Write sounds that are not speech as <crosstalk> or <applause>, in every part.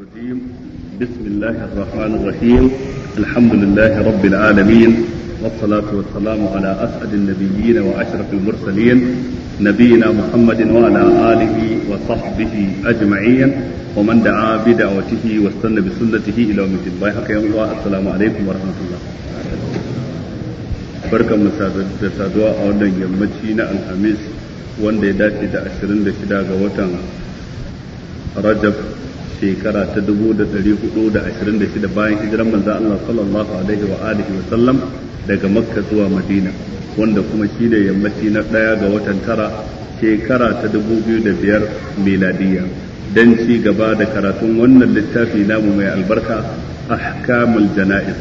الرجيم بسم الله الرحمن الرحيم الحمد لله رب العالمين والصلاة والسلام على أسعد النبيين وأشرف المرسلين نبينا محمد وعلى آله وصحبه أجمعين ومن دعا بدعوته واستنى بسنته إلى يوم الدين الله السلام عليكم ورحمة الله بركة مساعدة saduwa a wannan yammaci na alhamis wanda ya dace da shekara ta 426 bayan hijiran manzon Allah sallallahu alaihi wa alihi wa sallam daga Makka zuwa Madina wanda kuma shi da yammaci na daya ga watan tara shekara ta 2005 miladiya dan ci gaba da karatun wannan littafi namu mai albarka ahkamul janaiz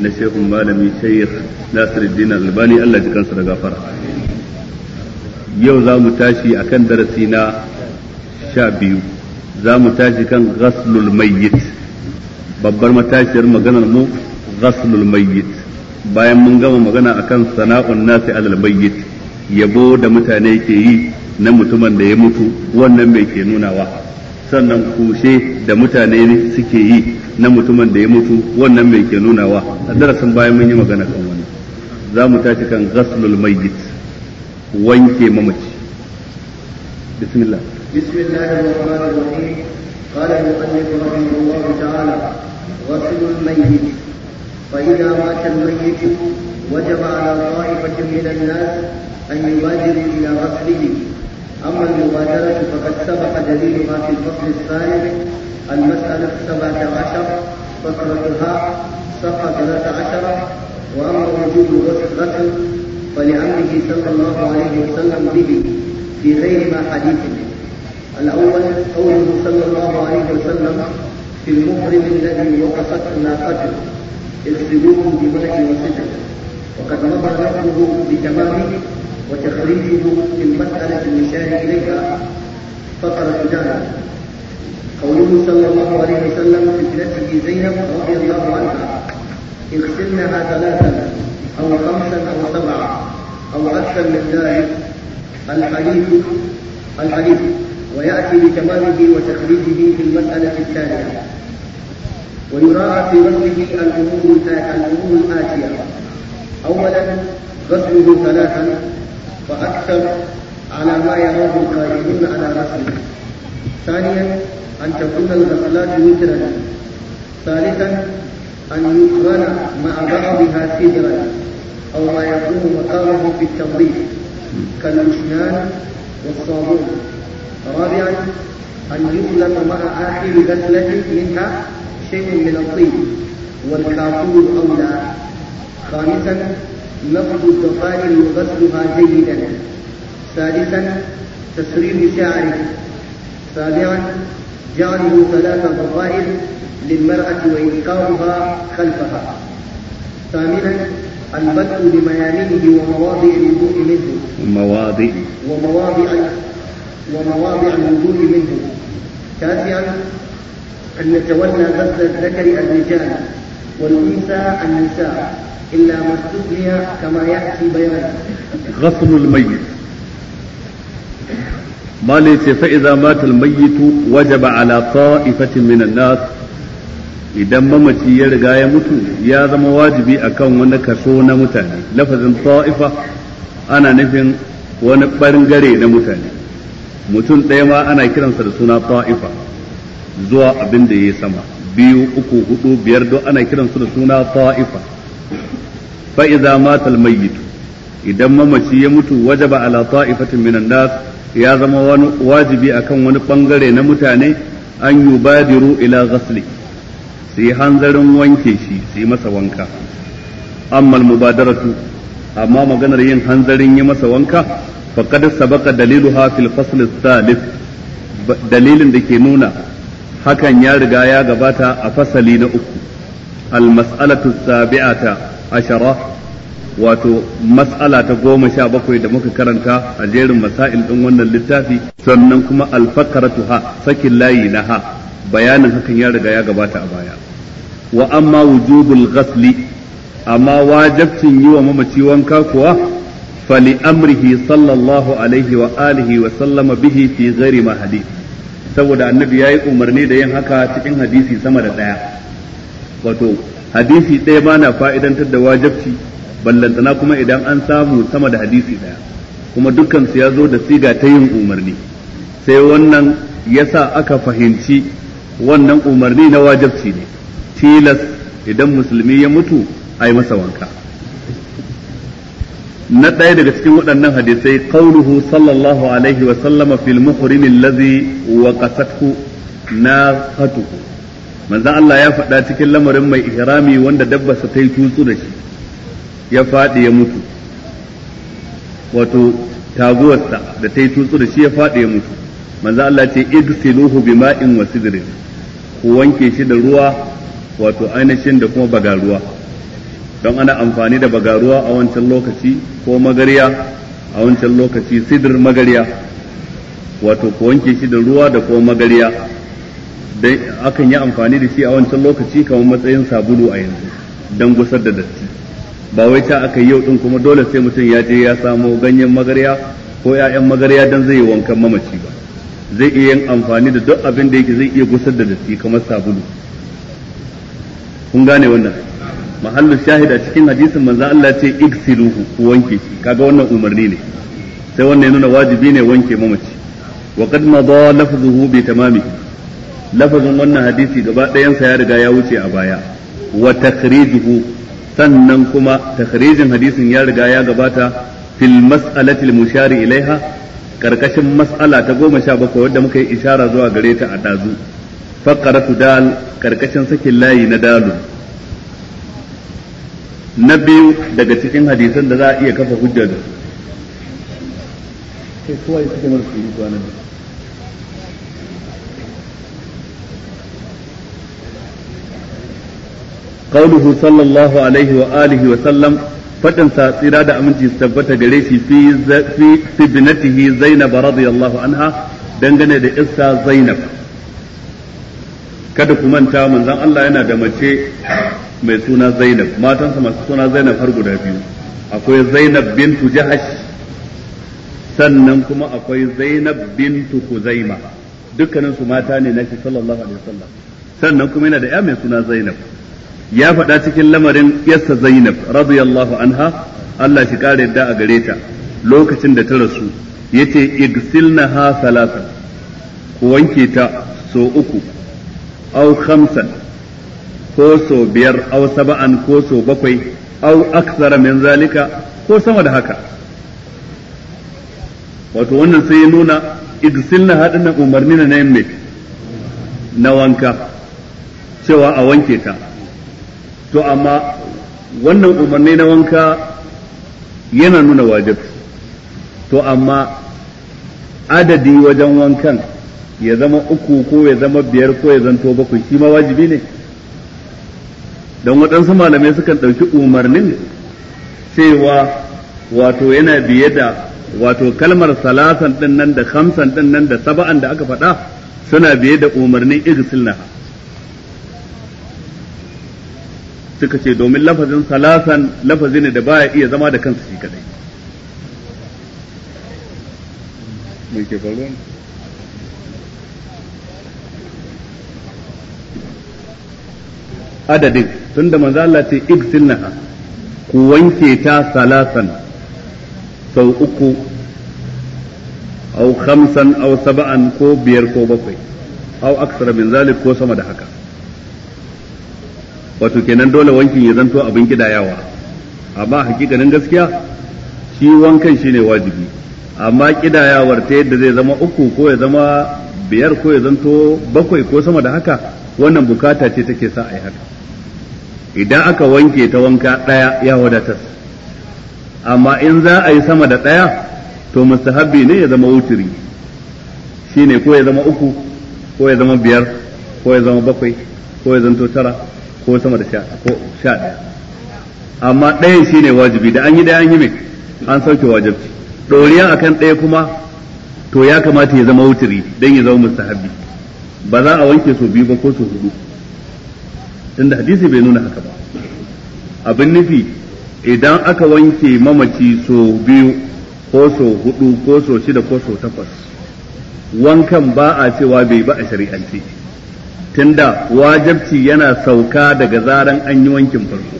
na shehun malami shaykh Nasiruddin Albani Allah ji kansa da gafara yau za mu tashi akan darasi na sha biyu za mu tashi kan ghaslul mayyit babbar matashiyar maganar mu ghaslul mayyit bayan mun gama magana akan sana'un nasi alal mayyit yabo da mutane ke yi na mutumin da ya mutu wannan mai ke nunawa sannan kushe da mutane suke yi na mutumin da ya mutu wannan mai ke nunawa a darasin bayan mun yi magana kan wannan za mu tashi kan ghaslul mayyit wanke mamaci bismillah بسم الله الرحمن الرحيم قال المؤلف رحمه الله تعالى غسل الميت فإذا مات الميت وجب على طائفة من الناس أن يبادروا إلى غسله أما المبادرة فقد سبق دليلها في الفصل الثاني المسألة السبعة عشر فصلتها صفحة ثلاثة عشر وأما وجوب غسل فلأمره صلى الله عليه وسلم به في غير ما حديث منه الأول قوله صلى الله عليه وسلم في المحرم الذي وقفت ناقته اغسلوه بملك وسجن وقد مضى نقله بتمامه وتخريجه في المسألة المشار إليها فقر دانا قوله صلى الله عليه وسلم في ابنته زينب رضي الله عنها اغسلنها ثلاثا أو خمسا أو سبعا أو أكثر من ذلك الحديث الحديث ويأتي بتمامه وتخريجه في المسألة التالية ويراعى في غسله الأمور الأمور الآتية أولا غسله ثلاثا وأكثر على ما يراه القائمون على غسله ثانيا أن تكون الغسلات وترا ثالثا أن يقرن مع بعضها سدرا أو ما يكون مقامه في التنظيف كالمشنان والصابون رابعا أن يطلق مع آخر بذلة منها شيء من الطيب والكافور أولى خامسا نفض الضفائر وغسلها جيدا سادسا تسريب شعره سابعا جعله ثلاث ضفائر للمرأة وإلقاؤها خلفها ثامنا البدء بميامنه ومواضع الوضوء منه مواضع ومواضع ومواضع الوجود منه تاسعا أن نتولى غسل الذكر الرجال والأنثى النساء إلا ما استثني كما يأتي بيانه غسل الميت ما ليس فإذا مات الميت وجب على طائفة من الناس إذا ما ya riga ya mutu ya أكون ونك سونا متاني لفظ طائفة أنا lafazin ta'ifa ana nufin mutum ɗaya ma ana kiransa da suna ta'ifa zuwa abin da ya sama biyu uku hudu biyar don ana kiransu da suna ta'ifa fa'iza matal mayyitu idan mamaci ya mutu wajaba ala ta'ifatin minan nas ya zama wani wajibi akan wani bangare na mutane an yubadiru ila ghasli su yi hanzarin wanke shi su yi masa wanka amma mubadaratu amma maganar yin hanzarin yi masa wanka faqad sabaqa daliluha fil fasl thalith dalilin da ke nuna hakan ya riga ya gabata a fasali na uku al sabi'ata ashira wato mas'ala ta goma sha bakwai da muka karanta a jerin masail ɗin wannan littafi sannan kuma al ha sakin layi na ha bayanin hakan ya riga ya gabata a baya wa amma wujubul ghasli amma wajibcin yi wa mamaci wanka kuwa فلأمره صلى الله عليه وآله وسلم به في غير ما حديث saboda annabi ya yi umarni da yin haka cikin hadisi sama da ɗaya wato hadisi ɗaya ba na fa'idantar da wajabci ballantana kuma idan an samu sama da hadisi ɗaya kuma dukkansu ya zo da siga ta yin umarni sai wannan yasa aka fahimci wannan umarni na wajabci ne tilas idan musulmi ya mutu a yi masa wanka na ɗaya daga cikin waɗannan hadisai kauruhu sallallahu alaihi wa sallama fil muhrim allazi na naqatuhu manzo Allah ya faɗa cikin lamarin mai ihrami wanda dabbarsa ta yi tutsu da shi ya faɗi ya mutu wato taguwarsa da ta yi tutsu da shi ya faɗi ya mutu manzo Allah ce igsiluhu bima'in wa sidrin ku wanke shi da ruwa wato ainihin da kuma bagaruwa ruwa don ana amfani da bagaruwa a wancan lokaci ko magariya a wancan lokaci sidir magariya wato ko wanke shi da ruwa da ko magariya dai akan yi amfani da shi a wancan lokaci kamar matsayin sabulu a yanzu don gusar da datti ba wai ta aka yau din kuma dole sai mutum ya je ya samo ganyen magariya ko 'ya'yan magarya don zai yi wankan mamaci ba zai iya yin amfani da duk abin da yake zai iya gusar da datti kamar sabulu kun gane wannan mahallu shahida cikin hadisin manzo Allah ce igsiluhu ku wanke shi kaga wannan umarni ne sai wannan nuna wajibi ne wanke mamaci wa qad madha lafzuhu bi tamami lafazin wannan hadisi gaba ɗayansa ya riga ya wuce a baya wa takhrijuhu sannan kuma takhrijin hadisin ya riga ya gabata fil mas'alati al-mushari ilaiha karkashin mas'ala ta goma sha bakwai wadda muka yi ishara zuwa gare ta a dazu fakkaratu dal karkashin sakin layi na dalu na biyu daga cikin hadisan da za a iya kafa hujja da su kowa ya cikin marasa da قوله صلى الله عليه وآله وسلم فتن ساتيرا دا أمنتي استبتا قريشي في, في, في ابنته زينب رضي الله عنها دنغنى دا إسا زينب kada ku manta manzon Allah yana da mace mai suna Zainab matansa masu suna Zainab har guda biyu akwai Zainab bintu Jahash sannan kuma akwai Zainab bintu kuzaima dukkanin su mata ne nashi sallallahu alaihi wasallam sannan kuma yana da ya mai suna Zainab ya faɗa cikin lamarin yassa Zainab radiyallahu anha Allah shi kare yadda a gare ta lokacin da ta rasu yace ha salasa ku wanke ta so uku aw khamsan ko so biyar aw saba'an ko so bakwai aw aksara min zalika ko sama da haka wato wannan sai ya nuna idsilna hadin umarni na nayin mai na wanka cewa a wanke ta to amma wannan umarni na wanka yana nuna wajib to amma adadi wajen wankan ya zama uku ko ya zama biyar ko ya zanto bakwai shi ma wajibi ne don waɗansu malamai sukan ɗauki umarnin cewa wato yana biye da wato kalmar salasan ɗin nan da hamsan ɗin nan da saba'an da aka faɗa suna biye da umarnin igsilna suka ce domin lafazin salasan lafazi ne da baya iya zama da kansu shi kadai. adadin tunda manzo Allah ce ibsilnaha ku wanke ta salasan sau uku au khamsan au saba'an ko biyar ko bakwai au aksara min zalik ko sama da haka wato kenan dole wankin ya zanto abin kidayawa amma hakikanin gaskiya shi wankan shine wajibi amma kidayawar ta yadda zai zama uku ko ya zama biyar ko ya zanto bakwai ko sama da haka wannan bukata ce take sa a yi haka idan aka wanke ta wanka ɗaya ya wadatar amma in za a yi sama da ɗaya to mustahabbi ne ya zama wuturi shine ko ya zama uku ko ya zama biyar ko ya zama bakwai ko ya zanto tara ko sama da sha ɗaya amma ɗayan shine wajibi da an yi ɗaya an yi mai an sauke wajibci ɗoriya akan ɗaya kuma to ya kamata ya zama wuturi don ya zama mustahabbi ba za a wanke so biyu ba ko so hudu tunda hadisi bai nuna haka ba abin nufi idan aka wanke mamaci so biyu ko so hudu ko so shida ko so takwas wankan ba a cewa bai ba a shari'ance tunda wajabci yana sauka daga zaran an yi wankin farko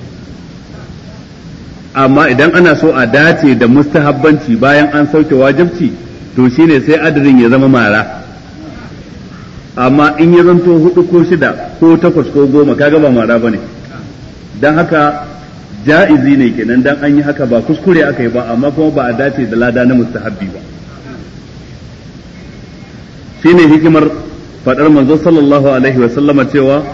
amma idan ana so a dace da mustahabbanci bayan an sauke wajabci to shine sai adadin ya zama mara amma in yi zanto hudu ko shida ko takwas ko goma kaga ba mara bane dan haka ja'izi ne kenan dan an yi haka ba kuskure aka yi ba amma kuma ba a dace da lada na mustahabbi ba shine hikimar fadar manzo sallallahu alaihi wa sallama cewa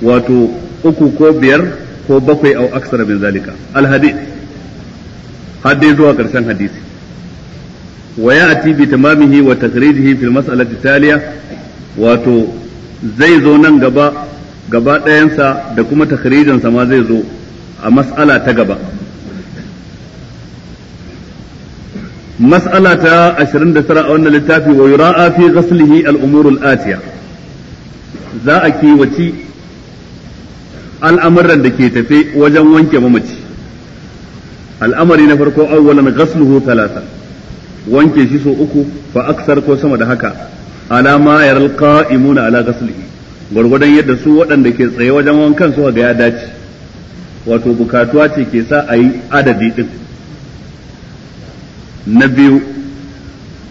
wato uku ko biyar ko bakwai au aksara min zalika al hadith hadde zuwa karshen hadisi wa ya'ti bi tamamihi wa takrijihi fil mas'alati taliya wato zai zo nan gaba gaba ɗayansa da kuma takhrijinsa ma zai zo a mas'ala ta gaba mas'ala ta 29 a wannan littafi wa yura'a fi ghaslihi al-umur atiya za a kiwaci al'amuran da ke tafe wajen wanke mamaci al'amari na farko awwalan ghasluhu talata wanke shi so uku fa aksar ko sama da haka ala ma yaral qa'imuna ala ghaslihi gwargwadon yadda su waɗanda ke tsaye wajen wankan su ga ya dace wato bukatuwa ce ke sa a yi adadi din na biyu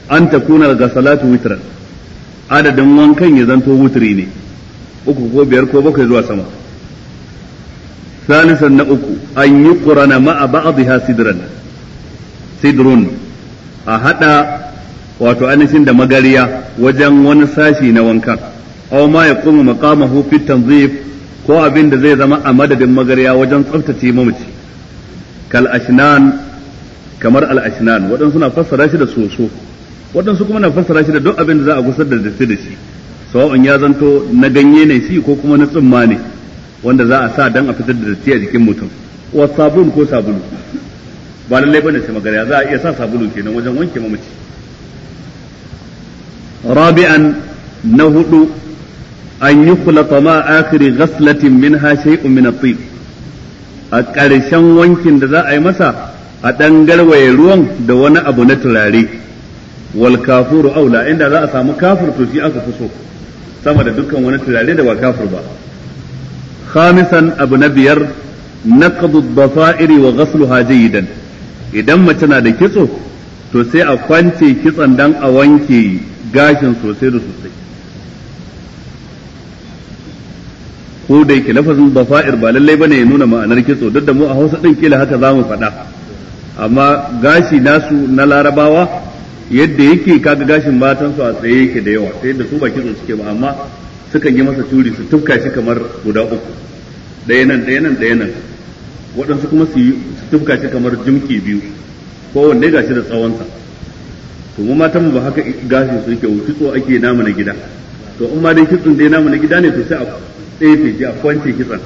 an takuna ga salatu witran adadin wankan ya zanto wutri ne uku ko biyar ko bakwai zuwa sama ثالثا na أن يقرن a بعضها sidran sidrun a haɗa. wato ainihin da magariya wajen wani sashi na wankan aw ma yaqumu maqamahu fi tanzif ko abin da zai zama a madadin magariya wajen tsaftace mamaci kal ashnan kamar al ashnan waɗansu na fassara shi da soso waɗansu kuma na fassara shi da duk abin da za a gusar da datti da shi sawa'un ya zanto na ganye ne shi ko kuma na tsumma ne wanda za a sa dan a fitar da datti a jikin mutum wa sabun ko sabulu ba lallai bane sai magariya za a iya sa sabulu kenan wajen wanke mamaci رابعا نهد أن يخلط ما آخر غسلة gaslatin شيء من الطيب a ƙarshen wankin da za a yi masa a ɗan garwaye ruwan da wani abu na turare Walkafuru kafuru aula inda za a samu kafur to shi aka fi so sama da dukkan wani turare da ba kafur ba khamisan abu na biyar naqdu iri wa ghasluha jayidan idan mace na da kitso to sai a kwance kitson dan a wanke gashin sosai da sosai ko da yake lafazin bafa'ir ba lallai bane ya nuna ma'anar kitso duk da mu a Hausa din kila haka zamu faɗa amma gashi nasu na Larabawa yadda yake kaga gashin matan su a tsaye yake da yawa sai da su ba kitso suke ba amma sukan yi masa turi su tufka shi kamar guda uku ɗaya nan ɗaya nan ɗaya nan waɗansu kuma su tufka shi kamar jimki biyu kowanne gashi da tsawonsa to mu matan mu ba haka gashi su yake kitso ake namu na gida to in ma dai kitson dai namu na gida ne to sai a tsefe ji a kwance kitson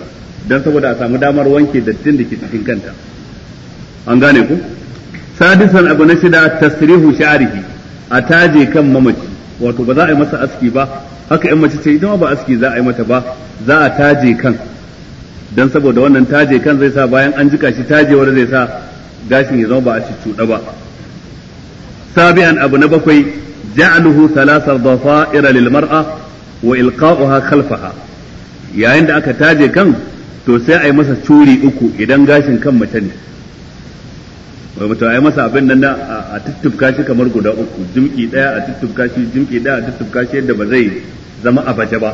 dan saboda a samu damar wanke dattin da ke cikin kanta an gane ku sadisan abu na shida tasrihu sha'rihi a taje kan mamaci wato ba za a yi masa aski ba haka in mace ce idan ba aski za a yi mata ba za a taje kan dan saboda wannan taje kan zai sa bayan an jika shi taje tajewar zai sa gashin ya zama ba a ci cuɗa ba sabi'an abu na bakwai ثلاثة ضفائر للمرأة وإلقاؤها خلفها يا عند khalfaha yayin da aka taje kan to sai a yi masa curi uku idan gashin kan mace ne wai mutum a yi masa abin دا a كاشي shi kamar guda uku jimki a shi ba zai zama a ba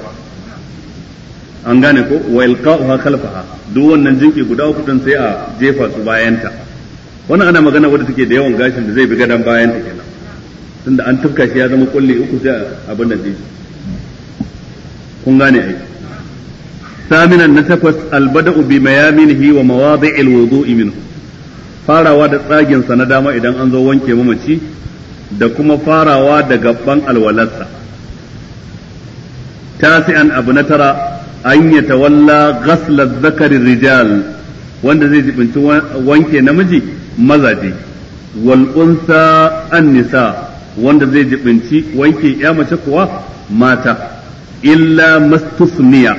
an gane ko wa ilqa'uha khalfaha duk wannan jimki guda uku dan sai a jefa su bayanta wannan ana magana wadda take da yawan gashin da zai bi gadan bayan ta kenan tunda an tufka shi ya zama kulli uku sai abin da zai kun gane ai saminan na takwas albada'u bi mayaminihi wa mawadi'il wudu'i minhu farawa da tsagin sa na dama idan an zo wanke mamaci da kuma farawa da gaban alwalarsa tasi'an abu na tara an yatawalla ghasla zakari rijal wanda zai jibinci wanke namiji mazaje wal unsa an-nisa wanda zai jibinci wanke ya mace kuwa mata illa mastusniya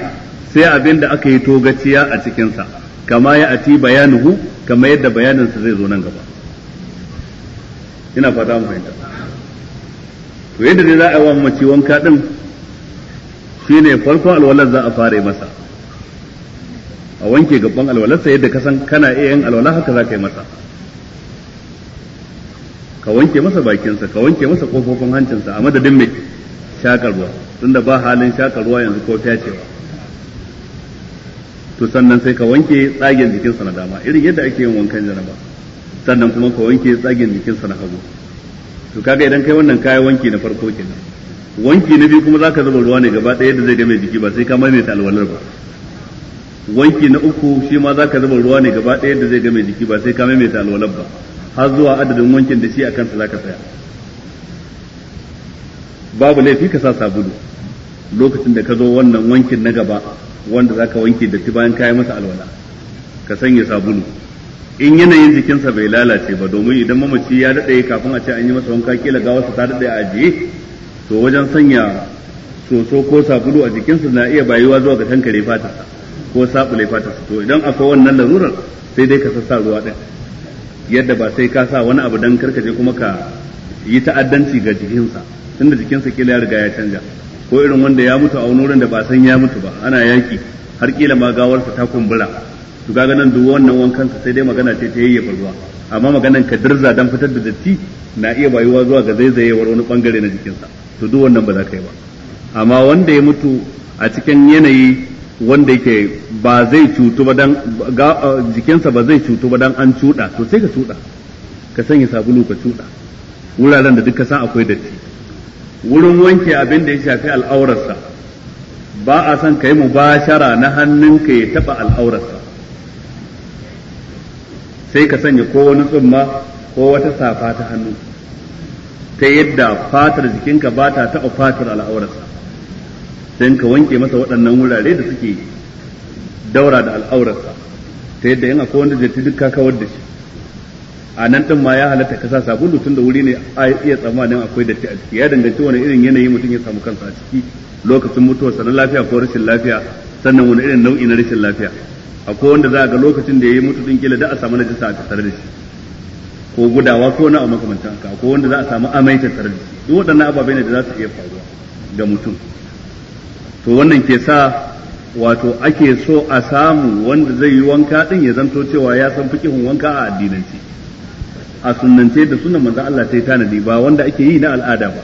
sai abinda aka yi togaciya a cikinsa kama ya ati bayanuhu kama yadda bayaninsa zai zo nan gaba ina fata mu fahimta to yadda zai za a yi wa mace wanka din shine farkon alwalar za a fara masa a wanke gaban alwalarsa yadda ka san kana iya yin alwala haka za ka yi masa ka wanke masa bakinsa ka wanke masa kofofin hancinsa a madadin mai shakar ruwa tunda ba halin shakar ruwa yanzu ko fyacewa to sannan sai ka wanke tsagen jikinsa na dama irin yadda ake yin wankan janaba sannan kuma ka wanke tsagen jikinsa na hagu to kaga idan kai wannan kayan wanki na farko kenan wanki na biyu kuma zaka zuba ruwa ne gaba ɗaya yadda zai game jiki ba sai ka maimaita alwalar ba wanki na uku shi ma zaka zuba ruwa ne gaba ɗaya da zai game jiki ba sai ka maimaita alwalar ba har zuwa adadin wankin da shi a kansa zaka tsaya babu laifi ka sa sabulu lokacin da ka zo wannan wankin na gaba wanda zaka wanke da ti bayan kayi masa alwala ka sanya sabulu in yanayin jikinsa bai lalace ba domin idan mamaci ya daɗe kafin a ce an yi masa wanka kila gawarsa ta daɗe a ajiye to wajen sanya soso ko sabulu a jikinsa na iya bayuwa zuwa ga tankare fatarsa ko sabule fata su to idan akwai wannan larurar sai dai ka sassa ruwa ɗin yadda ba sai ka sa wani abu dan karkaje kuma ka yi ta'addanci ga jikinsa tunda jikinsa kila ya riga ya canja ko irin wanda ya mutu a wani wurin da ba san ya mutu ba ana yaki har kila ma gawarsa ta kumbura to kaga nan duk wannan wankan sa sai dai magana ce ta yayyafa ruwa amma maganan ka dirza dan fitar da datti na iya bayuwa zuwa ga zaizayewar wani bangare na jikinsa to duk wannan ba za ka yi ba amma wanda ya mutu a cikin yanayi wanda yake ba zai cutu ba dan jikinsa ba zai cutu ba dan an cuɗa to sai ka cuɗa ka sanya sabulu ka cuɗa wuraren da duka san akwai datti wurin wanke abin da ya shafi al'aurarsa ba a son ka yi mubashara na hannunka ya taɓa al'aurarsa sai ka sanya ko wani tsumma ko wata safa ta hannu ta yadda fatar jikinka ba ta taɓa fatar al'aurarsa sai ka wanke masa waɗannan wurare da suke daura da al'aurarsa ta yadda yana ko wanda jirti duk kawar da shi a nan ɗin ma ya halatta sa sabulu tun da wuri ne a iya tsammanin akwai datti a ciki ya danganci wani irin yanayi mutum ya samu kansa a ciki lokacin mutuwarsa na lafiya ko rashin lafiya sannan wani irin nau'i na rashin lafiya akwai wanda za a ga lokacin da ya yi mutu din kila da a samu jisa a tattare da shi ko gudawa ko na a makamancin haka akwai wanda za a samu amai tattare da shi duk waɗannan ababen ne da za su iya faruwa ga mutum to wannan ke sa wato ake so a samu wanda zai yi wanka din ya zanto cewa ya san fikihun wanka a addinance a sunnance da sunan manzon Allah ta yi tanadi ba wanda ake yi na al'ada ba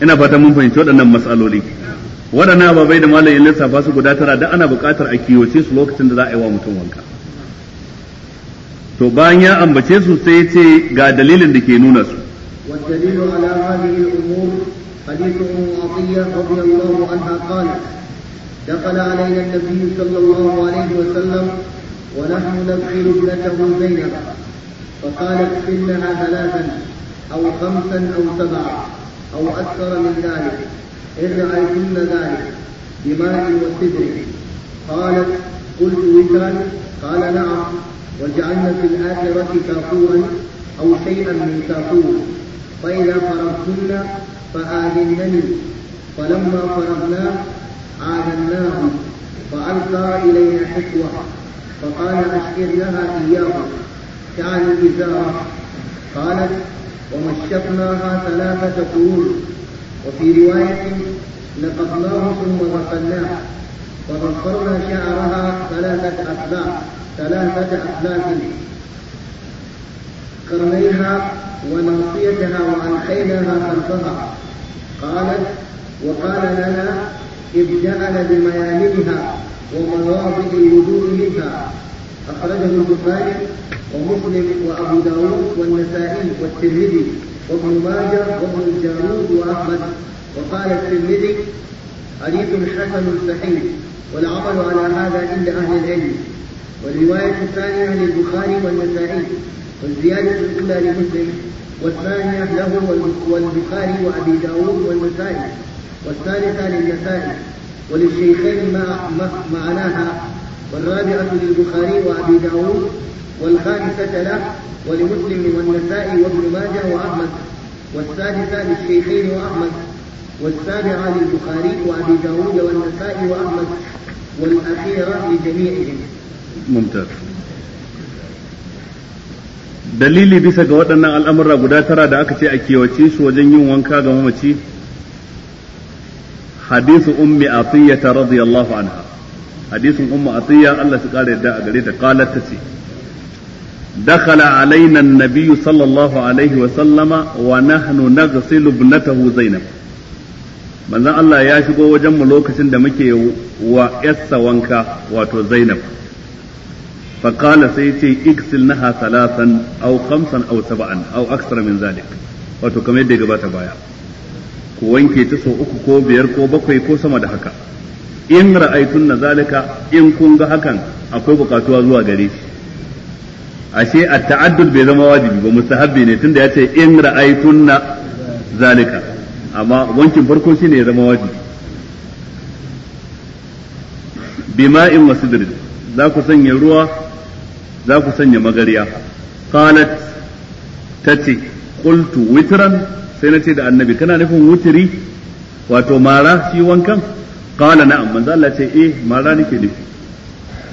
ina fatan mun fahimci waɗannan matsaloli ba ababai da malayin lissafa su guda tara da ana buƙatar a kiyoce su lokacin da za a yi wa mutum wanka to bayan ya ambace su sai ya ce ga dalilin da ke nuna su حديث ام عطيه رضي الله عنها قالت دخل علينا النبي صلى الله عليه وسلم ونحن ندخل ابنته زينب فقالت انها ثلاثا او خمسا او سبعا او اكثر من ذلك ان رايتن ذلك بماء وسدر قالت قلت وزرا قال نعم وجعلنا في الاخره كافورا او شيئا من كافور فاذا فرغتن فآذنني فلما فرغناه آذناه فألقى إلينا حكوة فقال أشكر لها إياه تعني الإزارة قالت ومشقناها ثلاثة قرون وفي رواية لقطناه ثم غسلناه وغفرنا شعرها ثلاثة أثلاث ثلاثة أثلاث قرنيها وناصيتها وعن خلفها قالت وقال لنا ابتعد بميامنها ومواضع الوضوء منها أخرجه البخاري ومسلم وأبو داود والنسائي والترمذي وابن ماجه وابن الجارود وأحمد وقال الترمذي حديث حسن صحيح والعمل على هذا عند أهل العلم والرواية الثانية للبخاري والنسائي والزيادة الأولى لمسلم والثانية له والبخاري وأبي داود والنسائي والثالثة للنسائي وللشيخين ما معناها والرابعة للبخاري وأبي داود والخامسة له ولمسلم والنسائي وابن ماجه وأحمد والسادسة للشيخين وأحمد والسابعة للبخاري وأبي داود والنسائي وأحمد والأخيرة لجميعهم ممتاز dalili bisa ga waɗannan al'amurra guda tara da aka ce a kewace su wajen yin wanka ga mamaci hadisu ummi atiyya ta radiyallahu anha hadisin Ummi atiyya Allah su kare yadda a gare ta qalat ce dakhala alaina an-nabiy sallallahu alaihi wa sallama wa nahnu naghsilu ibnatahu zainab manzon Allah ya shigo wajen mu lokacin da muke wa wanka wato zainab فقال سيتي اغسلنها ثلاثا او خمسا او سبعا او اكثر من ذلك wato kamar yadda ya gabata baya ku wanke ta sau uku ko biyar ko bakwai ko sama da haka in ra'aitun na zalika in kun ga hakan akwai bukatuwa zuwa gare shi ashe a ta'addud bai zama wajibi ba mustahabbi ne tunda ya ce in ra'aitun na zalika amma wankin farko ne ya zama wajibi bima'in wasidrin za ku sanya ruwa za ku sanya magariya qalat tace qultu witran sai na ce da annabi kana nufin wutiri wato mara shi wankan qala na'am manzo Allah ce eh mara nake nufi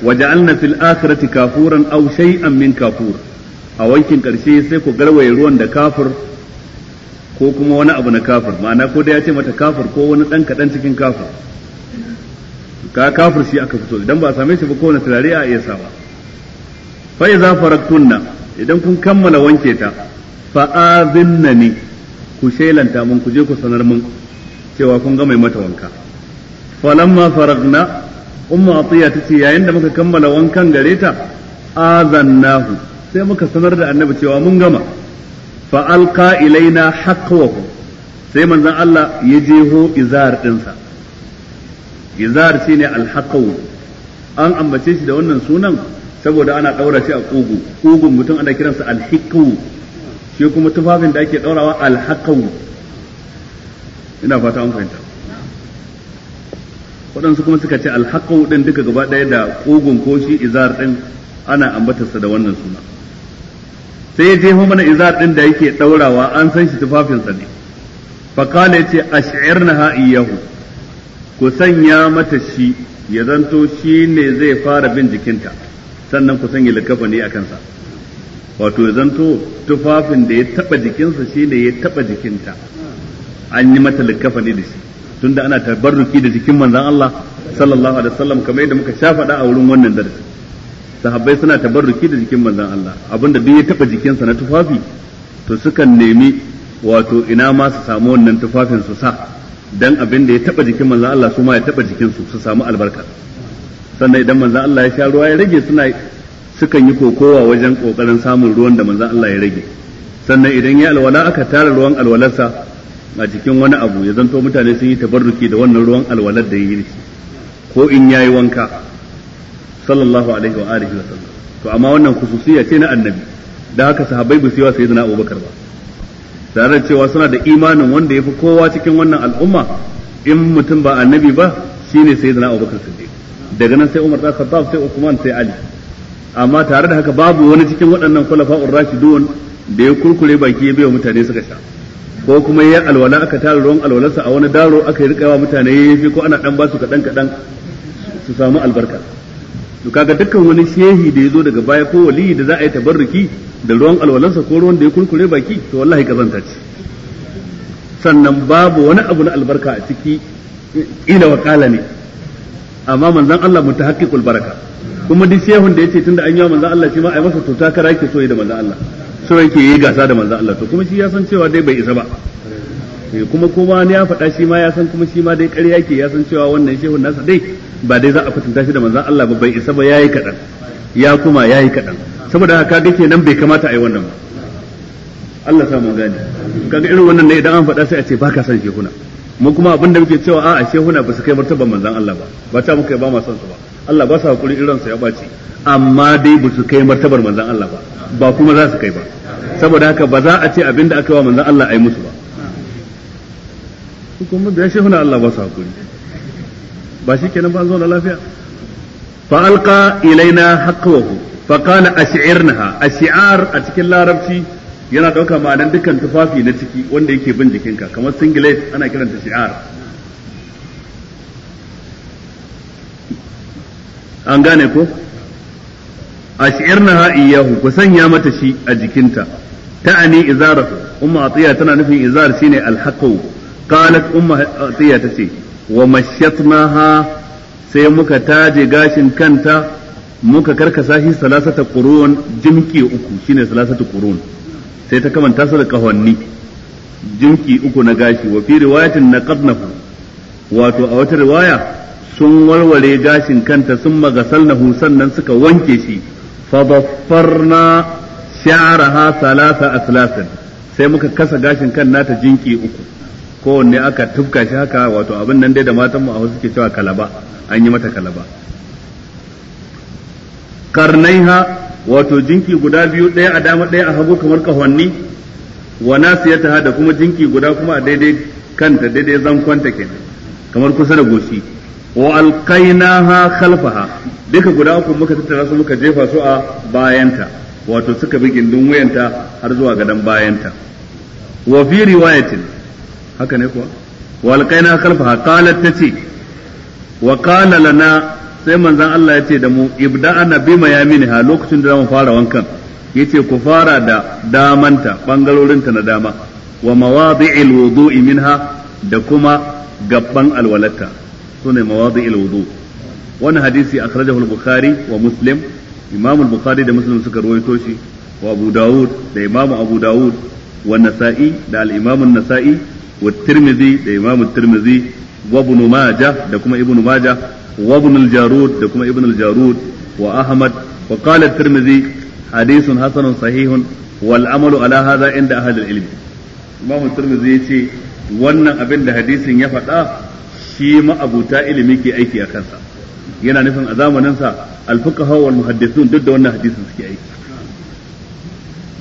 waja'alna fil akhirati kafuran aw shay'an min kafur a wankin karshe sai ku garwaye ruwan da kafur ko kuma wani abu na kafir ma'ana ko da ya ce mata kafir ko wani dan kadan cikin kafir ka kafir shi aka fito idan ba a same shi ba kowane turare a iya sawa fa idza faraktunna idan kun kammala wanke ta fa azinnani ku shelanta mun ku je ku sanar mun cewa kun ga mata wanka falamma faragna umma atiya tace yayin da muka kammala wankan gare ta azannahu sai muka sanar da annabi cewa mun gama fa alqa ilaina haqqahu sai manzon Allah ya jeho izar dinsa izar shine alhaqu an ambace shi da wannan sunan saboda ana daura shi a kugu kugun mutum ana kiransa alhikawu shi kuma tufafin da ake daurawa alhakawu ina fata an fahimta waɗansu kuma suka ce alhakawu din duka gaba ɗaya da kugun ko shi izar din ana ambatarsa da wannan suna sai ya jefa mana izar din da yake daurawa an san shi tufafinsa ne fakala ya ce ash'irnaha iyahu ku sanya mata shi ya zanto shi ne zai fara bin jikinta sannan ku sanya ne a kansa wato ya zanto tufafin da ya taba jikinsa shi ne ya taba jikinta an yi mata ne da shi tunda ana tabarruki da jikin manzan Allah sallallahu alaihi wasallam kamar yadda muka sha faɗa a wurin wannan darasi sahabbai suna tabarruki da jikin manzan Allah abinda duk ya taba jikinsa na tufafi to sukan nemi wato ina ma su samu wannan tufafin su sa dan abin da ya taba jikin manzan Allah su ma ya taba jikin su su samu albarka sannan idan manzan Allah ya sha ruwa ya rage suna sukan yi kokowa wajen kokarin samun ruwan da manzan Allah ya rage sannan idan ya alwala aka tara ruwan alwalarsa a cikin wani abu ya zanto mutane sun yi tabarruki da wannan ruwan alwalar da ya yi ko in yayi wanka sallallahu alaihi wa alihi wa sallam to amma wannan khususiyya ce na annabi da haka sahabbai ba su yi wa sayyidina Abubakar ba tare da cewa suna da imanin wanda ya fi kowa cikin wannan al'umma in mutum ba annabi ba shine sayyidina Abubakar Siddiq daga nan sai Umar da Khattab sai Uthman sai Ali amma tare da haka babu wani cikin waɗannan khulafa'ur rashidun da ya kurkure baki ya bai mutane suka sha ko kuma ya alwala aka tara ruwan alwalarsa a wani daro aka yi rikawa mutane yafi ko ana dan basu kadan kadan su samu albarka to kaga dukkan wani shehi da ya zo daga baya ko wali da za a yi tabarruki da ruwan alwalarsa ko ruwan da ya kurkure baki to wallahi kazanta ce sannan babu wani abu na albarka a ciki ila wakala ne amma manzon Allah mutahaqqiqul baraka kuma duk shehun da yace tunda an yi manzon Allah shi ma ai masa to takara yake so yi da manzon Allah so yake yi gasa da manzon Allah to kuma shi ya san cewa dai bai isa ba eh, kuma kuma ne ya faɗa shi ma ya san kuma shi ma dai ƙarya yake ya san cewa wannan shehun nasa dai ba dai za a kwatanta shi da manzon Allah ba bai isa ba yayi kadan ya kuma yayi kadan saboda haka ga kenan bai kamata a yi wannan ba Allah sa mu gane kaga irin wannan ne idan an faɗa sai a ce baka san shehuna mu kuma abin da muke cewa a'a huna ba su kai martaban manzon Allah ba ba ta muka ba ma son su ba Allah ba su hakuri irin sa ya baci amma dai ba su kai martabar manzon Allah ba ba kuma za su kai ba saboda haka ba za a ce abin da aka yi wa manzon Allah ai musu ba kuma da shi huna Allah ba su hakuri ba shi kenan ba zo da lafiya fa alqa ilaina haqqahu fa qala ash'irnaha ash'ar a cikin larabci yana ɗauka ma'anan dukkan tufafi na ciki wanda yake bin jikinka kamar singlet ana kiranta shi'ar an gane ko a shi'irnaha iyahu ku sanya mata shi a jikinta ta'ani izarahu umma atiya tana nufin izar shine alhaqu qalat umma atiya tace wa mashatnaha sai muka taje gashin kanta muka karkasa shi salasata qurun jimki uku shine salasata qurun sai ta kamanta su da kahonni jinki uku na gashi wa fi riwayatin naqadnahu wato a wata riwaya sun warware gashin kanta sun magasalnahu sannan suka wanke shi fa ha sha'raha a aslasin sai muka kasa gashin kan nata jinki uku kowanne aka tufka shi haka wato abin nan dai da matan mu a wasu suke cewa kalaba an yi mata kalaba karnaiha wato jinki guda biyu ɗaya a dama ɗaya a hagu kamar kahonni wa ta da kuma jinki guda kuma a daidai kanta daidai zankwanta kenan kamar kusa da goshi wa alqainaha khalfaha duka guda uku muka tattara su muka jefa su a bayanta wato suka bi gindin wuyanta har zuwa gadan bayanta wa fi riwayatin haka ne kuwa wa alqainaha khalfaha qalat tace wa qala lana sai manzon Allah ya ce da mu ibda ibda'ana bima ha lokacin da zamu fara wankan yace ku fara da damanta bangarorinta na dama wa mawadi'il wudu'i minha da kuma gabban alwalata sune mawadi'il wudu wannan hadisi akhrajahu al-bukhari wa muslim imam al-bukhari da muslim suka rawaito shi wa abu daud da imam abu daud wa nasa'i da al-imam an-nasa'i wa tirmidhi da imam at-tirmidhi wa ibn majah da kuma ibn majah wa ibn jarud da kuma ibn al-jarud wa ahmad wa qala at-tirmidhi hasanun sahihun wal'amalu amalu ala da inda ahli al-ilm imam at-tirmidhi yace wannan abin da hadisin ya faɗa shi ma'abuta ilimi ke aiki a kansa yana nufin a zamaninsa al-fuqaha wal muhaddisun duk da wannan hadisin suke aiki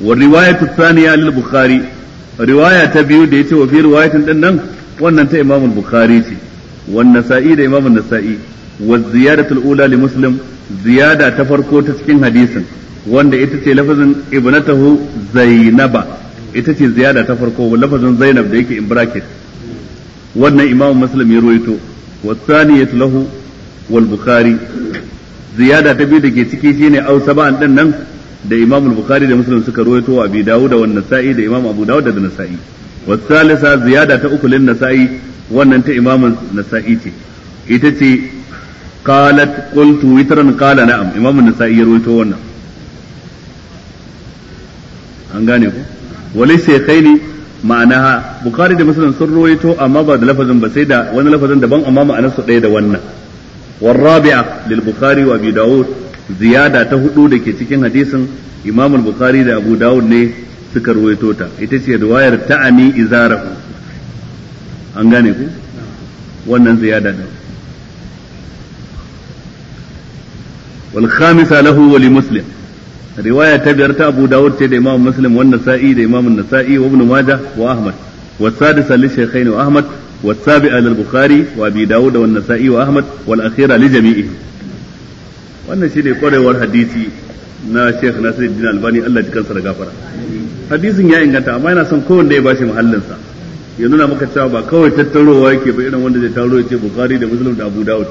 wa riwayatu thaniya lil riwaya ta biyu da yace wa fi riwayatin din nan wannan ta imamul bukhari ce wan nasa'i da imamul nasa'i wa ziyadatul ula li muslim ziyada ta farko ta cikin hadisin wanda ita ce lafazin ibnatahu zainaba ita ce ziyada ta farko wa lafazin zainab da yake in bracket wannan imam muslim ya ruwaito wa thaniyatu lahu wal bukhari ziyada ta biyu da ke ciki shine au saba'an din nan da imam bukhari da muslim suka ruwaito wa abi dawud da nasa'i da imam abu dawud da nasa'i wa thalitha ziyada ta uku lin nasa'i wannan ta imam nasa'i ce ita ce قالت قلت witran قال na'am امام النسائي ya wannan an gane ku Wali sai khaili ma'anaha bukhari da muslim sun rawaito amma ba da lafazin ba sai da wani lafazin daban amma ma'anar su ɗaya da wannan lil Bukhari, wa للبخاري daud ziyada ta hudu dake cikin hadisin Imam al-Bukhari da Abu daud ne suka ruwaito ta ita ce riwayar ta'ani izarahu an gane ku wannan ziyada din wal khamisa lahu wa riwaya ta biyar ta Abu Dawud ce da Imam Muslim wannan sa'i da Imam Nasa'i wa Ibn wa Ahmad wa sadisa li wa Ahmad wa Bukhari wa wa Ahmad wannan kwarewar hadisi na Sheikh Nasiruddin Albani Allah ji kansa da gafara hadisin ya inganta amma yana son kowanne ya bashi muhallinsa ya nuna maka cewa ba kawai tattarowa yake ba irin wanda zai taro ya ce Bukhari da Muslim da Abu Dawud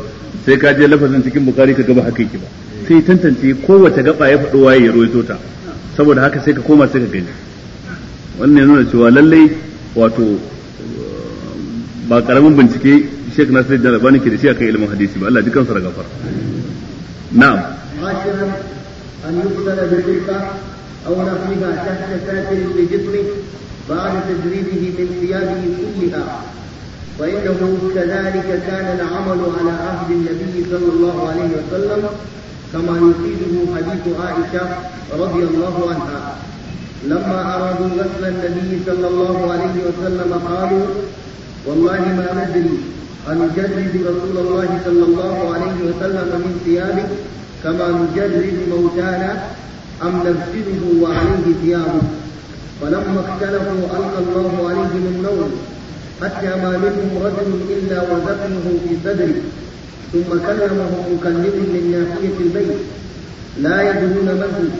sai ka je lafazin cikin Bukhari ka gaba haka yake ba sai tantance kowace gaba ya faɗo waye ya ruwaito ta saboda haka sai ka koma sai ka gani wannan ya nuna cewa lallai wato uh, ba karamin bincike Sheikh Nasir da Albani ke da shi akan ilimin hadisi ba Allah dukan sa da gafara na'am ashiran an yubtala bi tilka aw nafiha tahta satir li jismi ba'da tajridihi min thiyabihi kulliha فإنه كذلك كان العمل على عهد النبي صلى الله عليه وسلم كما يفيده حديث عائشة رضي الله عنها لما أرادوا غسل النبي صلى الله عليه وسلم قالوا والله ما ندري أن نجرد رسول الله صلى الله عليه وسلم من ثيابه كما نجرد موتانا أم نغسله وعليه ثيابه فلما اختلفوا ألقى الله عليهم النوم حتى ما منهم رجل إلا وزقنه في صدره ثم كلمه مكلم من ناحية البيت لا يدرون من هو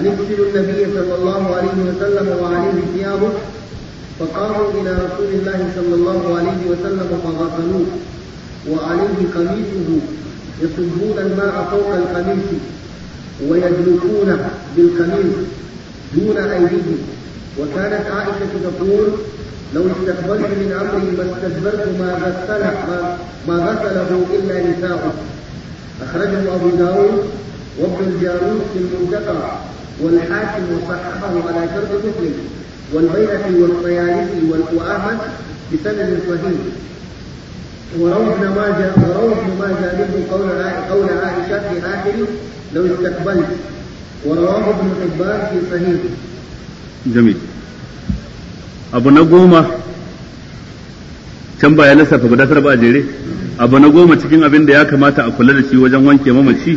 أن اغسلوا النبي صلى الله عليه وسلم وعليه ثيابه فقاموا إلى رسول الله صلى الله عليه وسلم فغسلوه وعليه قميصه يصبون الماء فوق القميص ويدلكونه بالقميص دون أيديه وكانت عائشة تقول لو استقبلت من امري ما استجبرت ما غسله ما غسله الا نساؤه اخرجه ابو داود وابن الجارود في المنتقى والحاكم وصححه على شرط مسلم والبيهقي والطيالسي واحمد بسند صحيح وروى ابن ماجه وروى ابن ماجه منه قول قول عائشه في اخره لو استقبلت ورواه ابن حبان في صحيح جميل abu na goma can ba ya lissafa guda tara ba jere abu na goma cikin abin da ya kamata a kula da shi wajen wanke mamaci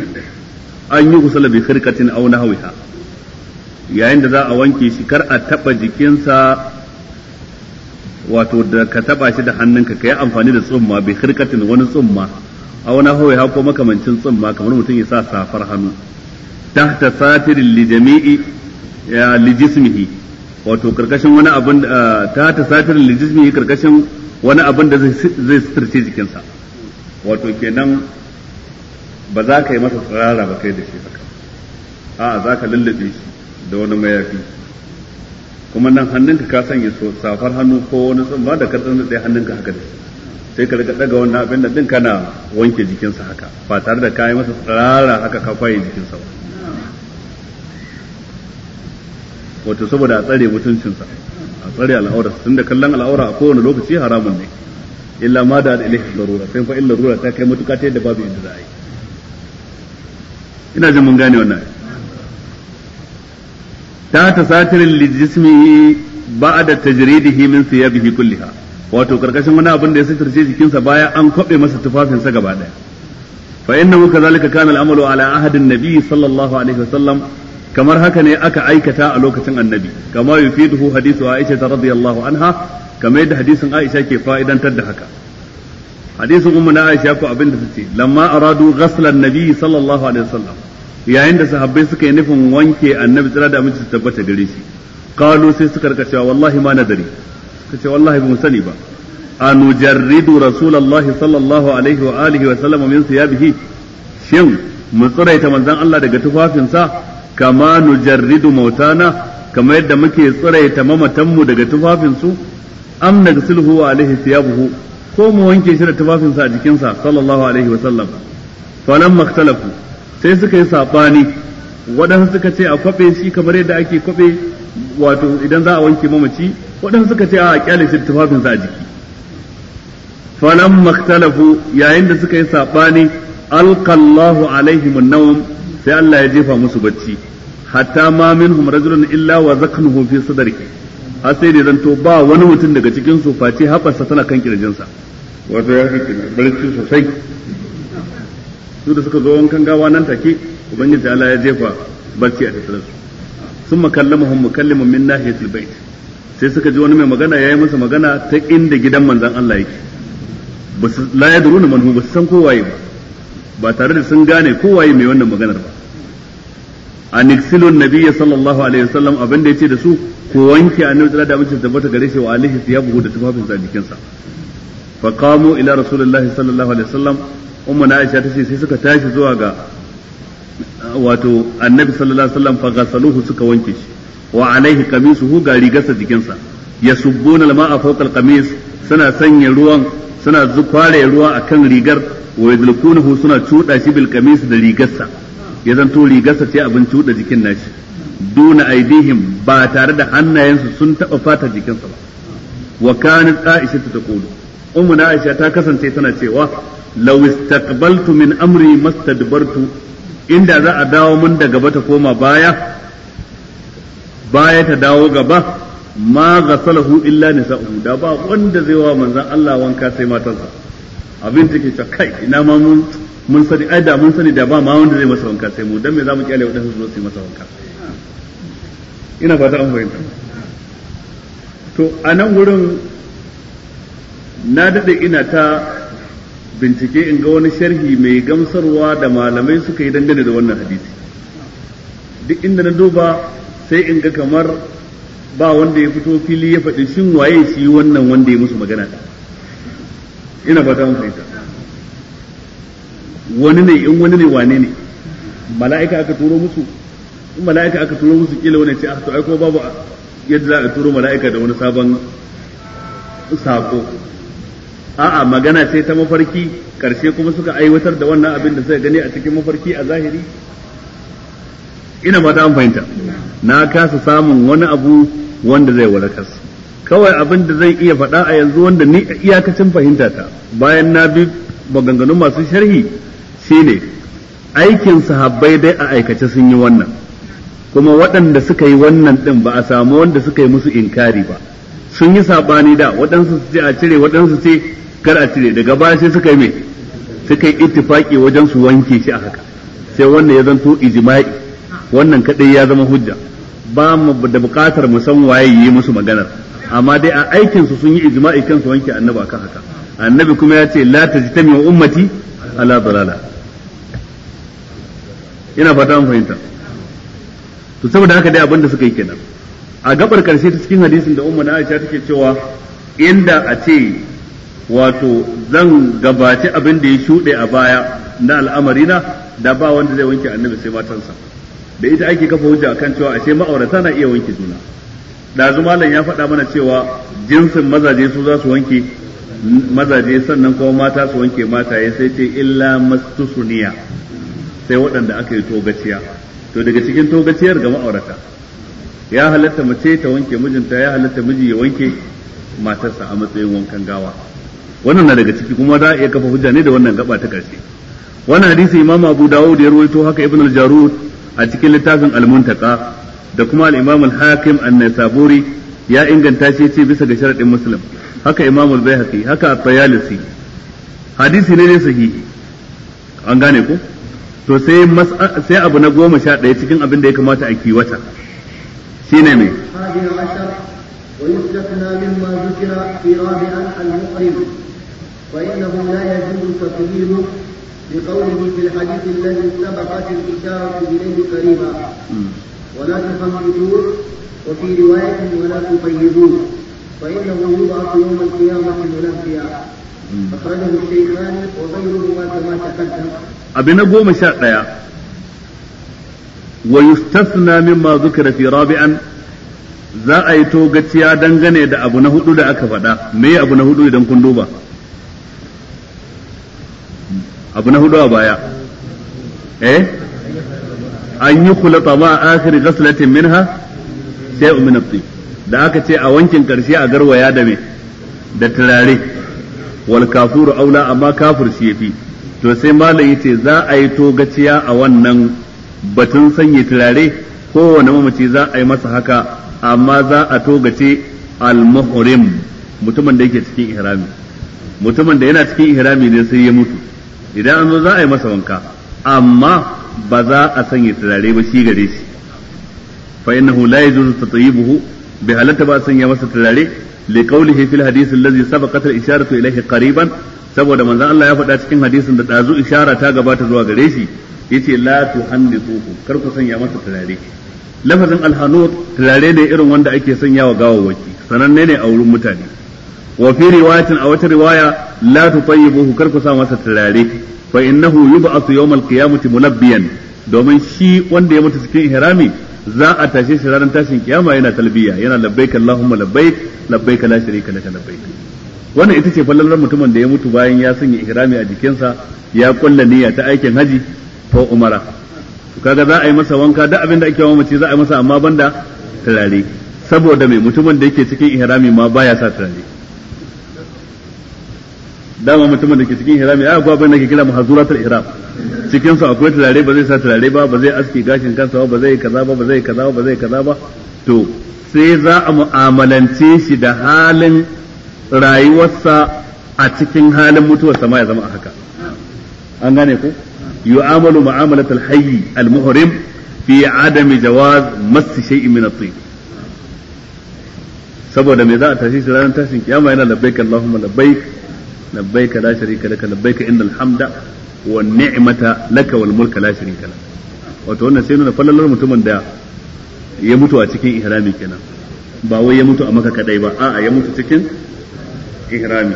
an yi kusala bi au na nahwiha yayin da za a wanke shi kar a taba jikinsa wato da ka taba shi da hannunka ka yi amfani da tsumma bi khirqatin wani tsumma aw nahwiha ko makamancin tsumma kamar mutum ya sa safar hannu tahta satirin li jami'i li jismihi wato karkashin wani abin da eh, ta ta satir lijismi karkashin wani abin da zai suturce jikinsa wato kenan ba za ka yi masa tsirara ba kai da shi haka a za ka lullube shi da wani mayafi kuma nan hannunka ka sanya safar hannu ko wani sun ba da ka tsantsatsa hannunka haka da shi sai ka riga daga wannan abin da din kana wanke jikinsa haka ba tare da ka yi masa tsirara haka ka kwaye jikinsa ba wato saboda a tsare mutuncinsa a tsare al'aura da kallon al'aura a kowane lokaci haramun ne illa ma da ilaihi larura sai fa illa larura ta kai mutuka ta yadda babu yadda za a yi ina jin mun gane wannan ta ta satirin lijismi ba'da tajridihi min thiyabihi kulliha wato karkashin wani abin da ya sitirce jikinsa baya an kwabe masa tufafinsa gaba daya fa innahu kadhalika kana al-amalu ala ahadin nabi sallallahu alaihi wasallam kamar haka ne aka aikata a lokacin annabi kama yufiduhu hadisu aisha radiyallahu anha kamar yadda hadisin aisha ke fa'idantar da haka hadisin ummu na aisha ko abin da tace lamma aradu ghaslan nabi sallallahu alaihi wasallam yayin da sahabbai suka yi nufin wanke annabi tsira da aminci su tabbata gare shi qalu sai suka rika cewa wallahi ma nadari suka ce wallahi ba mu sani ba Anu anujarridu rasulullahi sallallahu alaihi wa alihi wa sallam min siyabihi shin mu tsiraita manzon Allah daga tufafinsa kama nujarridu mautana kama yadda muke tsiraita mamatanmu daga tufafinsu am nagsilhu wa alaihi thiyabuhu ko mu wanke shi da tufafinsa a jikinsa sallallahu alaihi wa sallam falan makhtalafu sai suka yi sabani waɗansu suka ce a kwabe shi kamar yadda ake kwabe wato idan za a wanke mamaci waɗansu suka ce a kyale shi da tufafinsa a jiki falan makhtalafu yayin da suka yi sabani alqallahu alaihi an-nawm sai Allah ya jefa musu bacci hatta ma minhum rajulun illa wa zakanuhu fi sadrihi har sai da zanto ba wani mutum daga cikin su face haɓarsa tana kan kirjinsa wato ya fi barci sosai su da suka zo wankan gawa nan take ubangiji Allah ya jefa bacci a tattare su sun makallamahum mukallimun min nahiyatil bait sai suka ji wani mai magana yayi masa magana ta inda gidan manzon Allah yake basu la yadruna man hu ba san waye ba ba tare da sun gane waye mai wannan maganar ba an iksilun nabiyyi sallallahu alaihi wasallam abin da yace da su ko wanke annabi sallallahu alaihi wasallam tabbata gare shi wa alaihi thiyabuhu da tufafin sa jikin sa fa qamu ila rasulillahi sallallahu alaihi wasallam ummu na aisha tace sai suka tashi zuwa ga wato annabi sallallahu alaihi wasallam fa ghasaluhu suka wanke shi wa alaihi qamisuhu ga rigarsa jikin sa yasubbuna al-ma'a fawqa al-qamis suna sanya ruwan suna zukware ruwa akan rigar wa yadlukunahu suna cuda shi bil qamis da rigarsa ya zanto rigarsa ce abin cuɗa jikin nashi duna aidihim ba tare da hannayensu sun taɓa fata jikinsa ba wa kanat aisha ta taqulu ummu na aisha ta kasance tana cewa law istaqbaltu min amri mastadbartu inda za a dawo mun da gaba ta koma baya baya ta dawo gaba ma ghasalahu illa nisa'u da ba wanda zai wa manzon Allah wanka sai matansa abin take ta kai ina ma mun mun sani ai da mun sani da ba ma wanda zai masa wanka sai mu dan me zamu kyale wadansu su zo su yi masa wanka ina fata an fahimta to a nan gurin na dade ina ta bincike in ga wani sharhi mai gamsarwa da malamai suka yi dangane da wannan hadisi duk inda na duba sai in ga kamar ba wanda ya fito fili ya faɗi shin waye shi wannan wanda ya musu magana da ina ba ta mun fahimta wani ne in wani ne wane ne mala'ika aka turo musu in mala'ika aka turo musu kila wani ce a ah, to ai babu yadda za a turo mala'ika da wani sabon sako a'a magana ce ta mafarki karshe kuma suka aiwatar da wannan abin da suka gani a cikin mafarki a zahiri ina ba ta fahimta na kasa samun wani abu wanda zai warakas kawai abin da zai iya faɗa a yanzu wanda ni iyakacin fahimta ta bayan na bi maganganu masu sharhi shine aikin sahabbai dai a aikace sun yi wannan kuma waɗanda suka yi wannan ɗin ba a samu wanda suka yi musu inkari ba sun yi saɓani da waɗansu su ce a cire waɗansu ce kar a cire daga baya sai suka yi mai suka yi ittifaki wajen su wanke shi a haka sai wannan ya zanto ijma'i wannan kaɗai ya zama hujja ba mu da buƙatar mu san waye yi musu maganar amma dai a aikin su sun yi ijma'i su wanke annabi akan haka annabi kuma ya ce la tajtami ummati ala dalala ina fata an fahimta to saboda haka dai abinda suka yi kenan a gabar karshe ta cikin hadisin da ummu na Aisha take cewa inda a ce wato zan gabaci abin da ya shuɗe a baya na al'amari na da ba wanda zai wanke annabi sai matansa da ita ake kafa hujja kan cewa ashe ma'aurata na iya wanke juna zuma lan ya faɗa mana cewa jinsin mazaje su za su wanke mazaje sannan kuma mata su wanke mataye sai ce illa mastusuniya sai waɗanda aka yi togaciya to daga cikin togaciyar ga ma'aurata ya halatta mace ta wanke mijinta ya halatta miji ya wanke matarsa a matsayin wankan gawa wannan na daga ciki kuma za a iya kafa hujja ne da wannan gaba ta karshe wannan hadisi imam abu dawud ya rawaito haka ibn al-jarud a cikin littafin al-muntaka da kuma al-imam al-hakim an-nasaburi ya inganta shi ce bisa ga sharadin muslim haka imam al-baihaqi haka at-tayalisi hadisi ne ne sahihi an gane ko to sai sai abu na goma sha ɗaya cikin abin da ya kamata a kiwata shine mai ويستثنى مما ذكر في رابعا المقرن فإنه لا يجوز تقليده لقوله في الحديث الذي سبقت الإشارة إليه قريبا ولا تخمدوه وفي رواية ولا تطيبوه فإنه يبعث يوم القيامة ملبيا أخرجه الشيخان وغيرهما كما تقدم أبن قوم شاقيا ويستثنى مما ذكر في رابعا za a yi to gaciya dangane da abu na hudu da aka faɗa me abu na hudu idan kun duba abu na hudu a baya eh an yi khulata ma akhir ghaslatin minha shay'un min at da aka ce a wankin karshe a garwaya da me da turare wal kafuru aula amma kafir shi yafi to sai malam yace za a yi togaciya a wannan batun sanya turare kowane mamaci za a yi masa haka amma za a togace al-muhrim mutumin da yake cikin ihrami mutumin da yana cikin ihrami ne sai ya mutu idan an zo za a yi masa wanka amma ba za a sanya turare ba shi gare shi fa innahu la yajuzu tatayibuhu bi halatta ba sanya masa turare li qawlihi fil hadith allazi sabaqat al isharatu ilayhi qariban saboda manzon Allah ya faɗa cikin hadisin da dazu ishara ta gabata zuwa gare shi yace la tuhannithuhu kar ku sanya masa turare lafazin alhanut turare ne irin wanda ake sanyawa gawawwaki sananne ne a wurin mutane wa fi riwayatin a wata riwaya la tutayyibuhu kar ku sa masa turare fa innahu yub'athu yawmal qiyamati mulabbiyan domin shi wanda ya mutu cikin ihrami za a tashe shi ranar tashin kiyama yana talbiya yana labbaik allahumma labbaik labbaik la sharika laka labbaik wannan ita ce fallan mutumin da ya mutu bayan ya sanya ihrami a jikinsa ya kulla niyya ta aikin haji ko umara to kaga za a yi masa wanka duk abin da ake yi mace za a yi masa amma banda turare saboda mai mutumin da yake cikin ihrami ma baya sa turare dama mutumin da ke cikin ya ai akwai abin da ke kira mahazuratul ihram cikin akwai turare ba zai sa turare ba ba zai aski gashin kansa ba zai kaza ba ba zai kaza ba zai kaza ba to sai za a mu'amalance shi da halin rayuwarsa a cikin halin mutuwarsa sama ya zama a haka an gane ko yu'amalu mu'amalatul hayy al-muhrim fi adami jawaz mass shay'in min at saboda me za a tashi shi ranar tashin kiyama yana labbaik Allahumma labbaik labbaika la sharika laka labbaika innal hamda wa ni'mata laka wal mulka la sharika wato wannan sai nuna fallalar mutumin da ya mutu a cikin ihrami kenan ba wai ya mutu a maka kadai ba a'a ya mutu cikin ihrami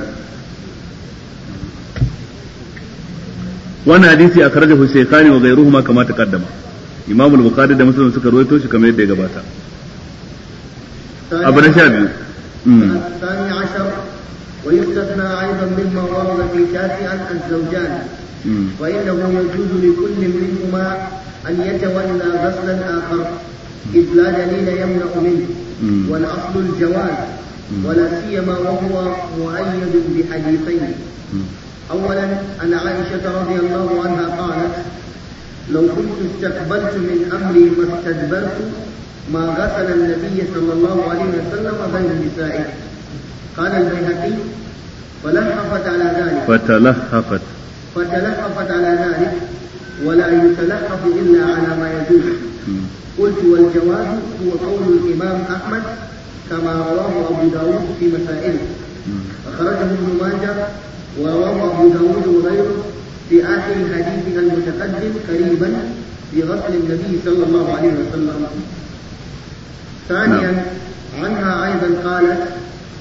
wannan hadisi a akhrajahu shaykhani wa ghayruhuma kama taqaddama imam al-bukhari da muslim suka ruwaito shi kamar yadda ya gabata abu na sha ويستثنى أيضا مما ورد في تاسعا الزوجان فإنه يجوز لكل منهما أن يتولى غسلا آخر إذ لا دليل يمنع منه والأصل الجواز ولا سيما وهو مؤيد بحديثين أولا أن عائشة رضي الله عنها قالت لو كنت استقبلت من أمري ما استدبرت ما غسل النبي صلى الله عليه وسلم غير نسائه قال البيهقي ولحفت على ذلك فتلحفت فتلحفت على ذلك ولا يتلحف إلا على ما يجوز قلت والجواب هو قول الإمام أحمد كما رواه أبو داود في مسائله أخرجه ابن ماجه ورواه أبو داود وغيره في آخر حديثها المتقدم قريبا في غسل النبي صلى الله عليه وسلم ثانيا نعم. عنها أيضا قالت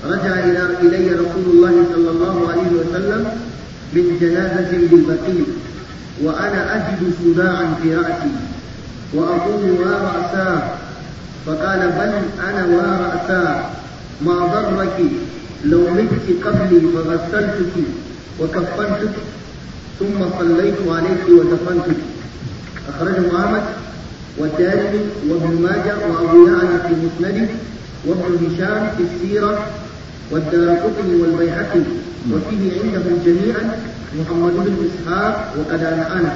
رجع إلى إلي رسول الله صلى الله عليه وسلم من جنازة بالبقيع وأنا أجد صداعا في رأسي وأقول راسا فقال بل أنا راسا ما ضرك لو مت قبلي فغسلتك وكفنتك ثم صليت عليك ودفنتك أخرجه أحمد والدارمي وابن ماجه وأبو يعلى في مسنده وابن هشام في السيرة والدار قطني والبيحقي وفيه عندهم جميعا محمد بن إسحاق وقد أنا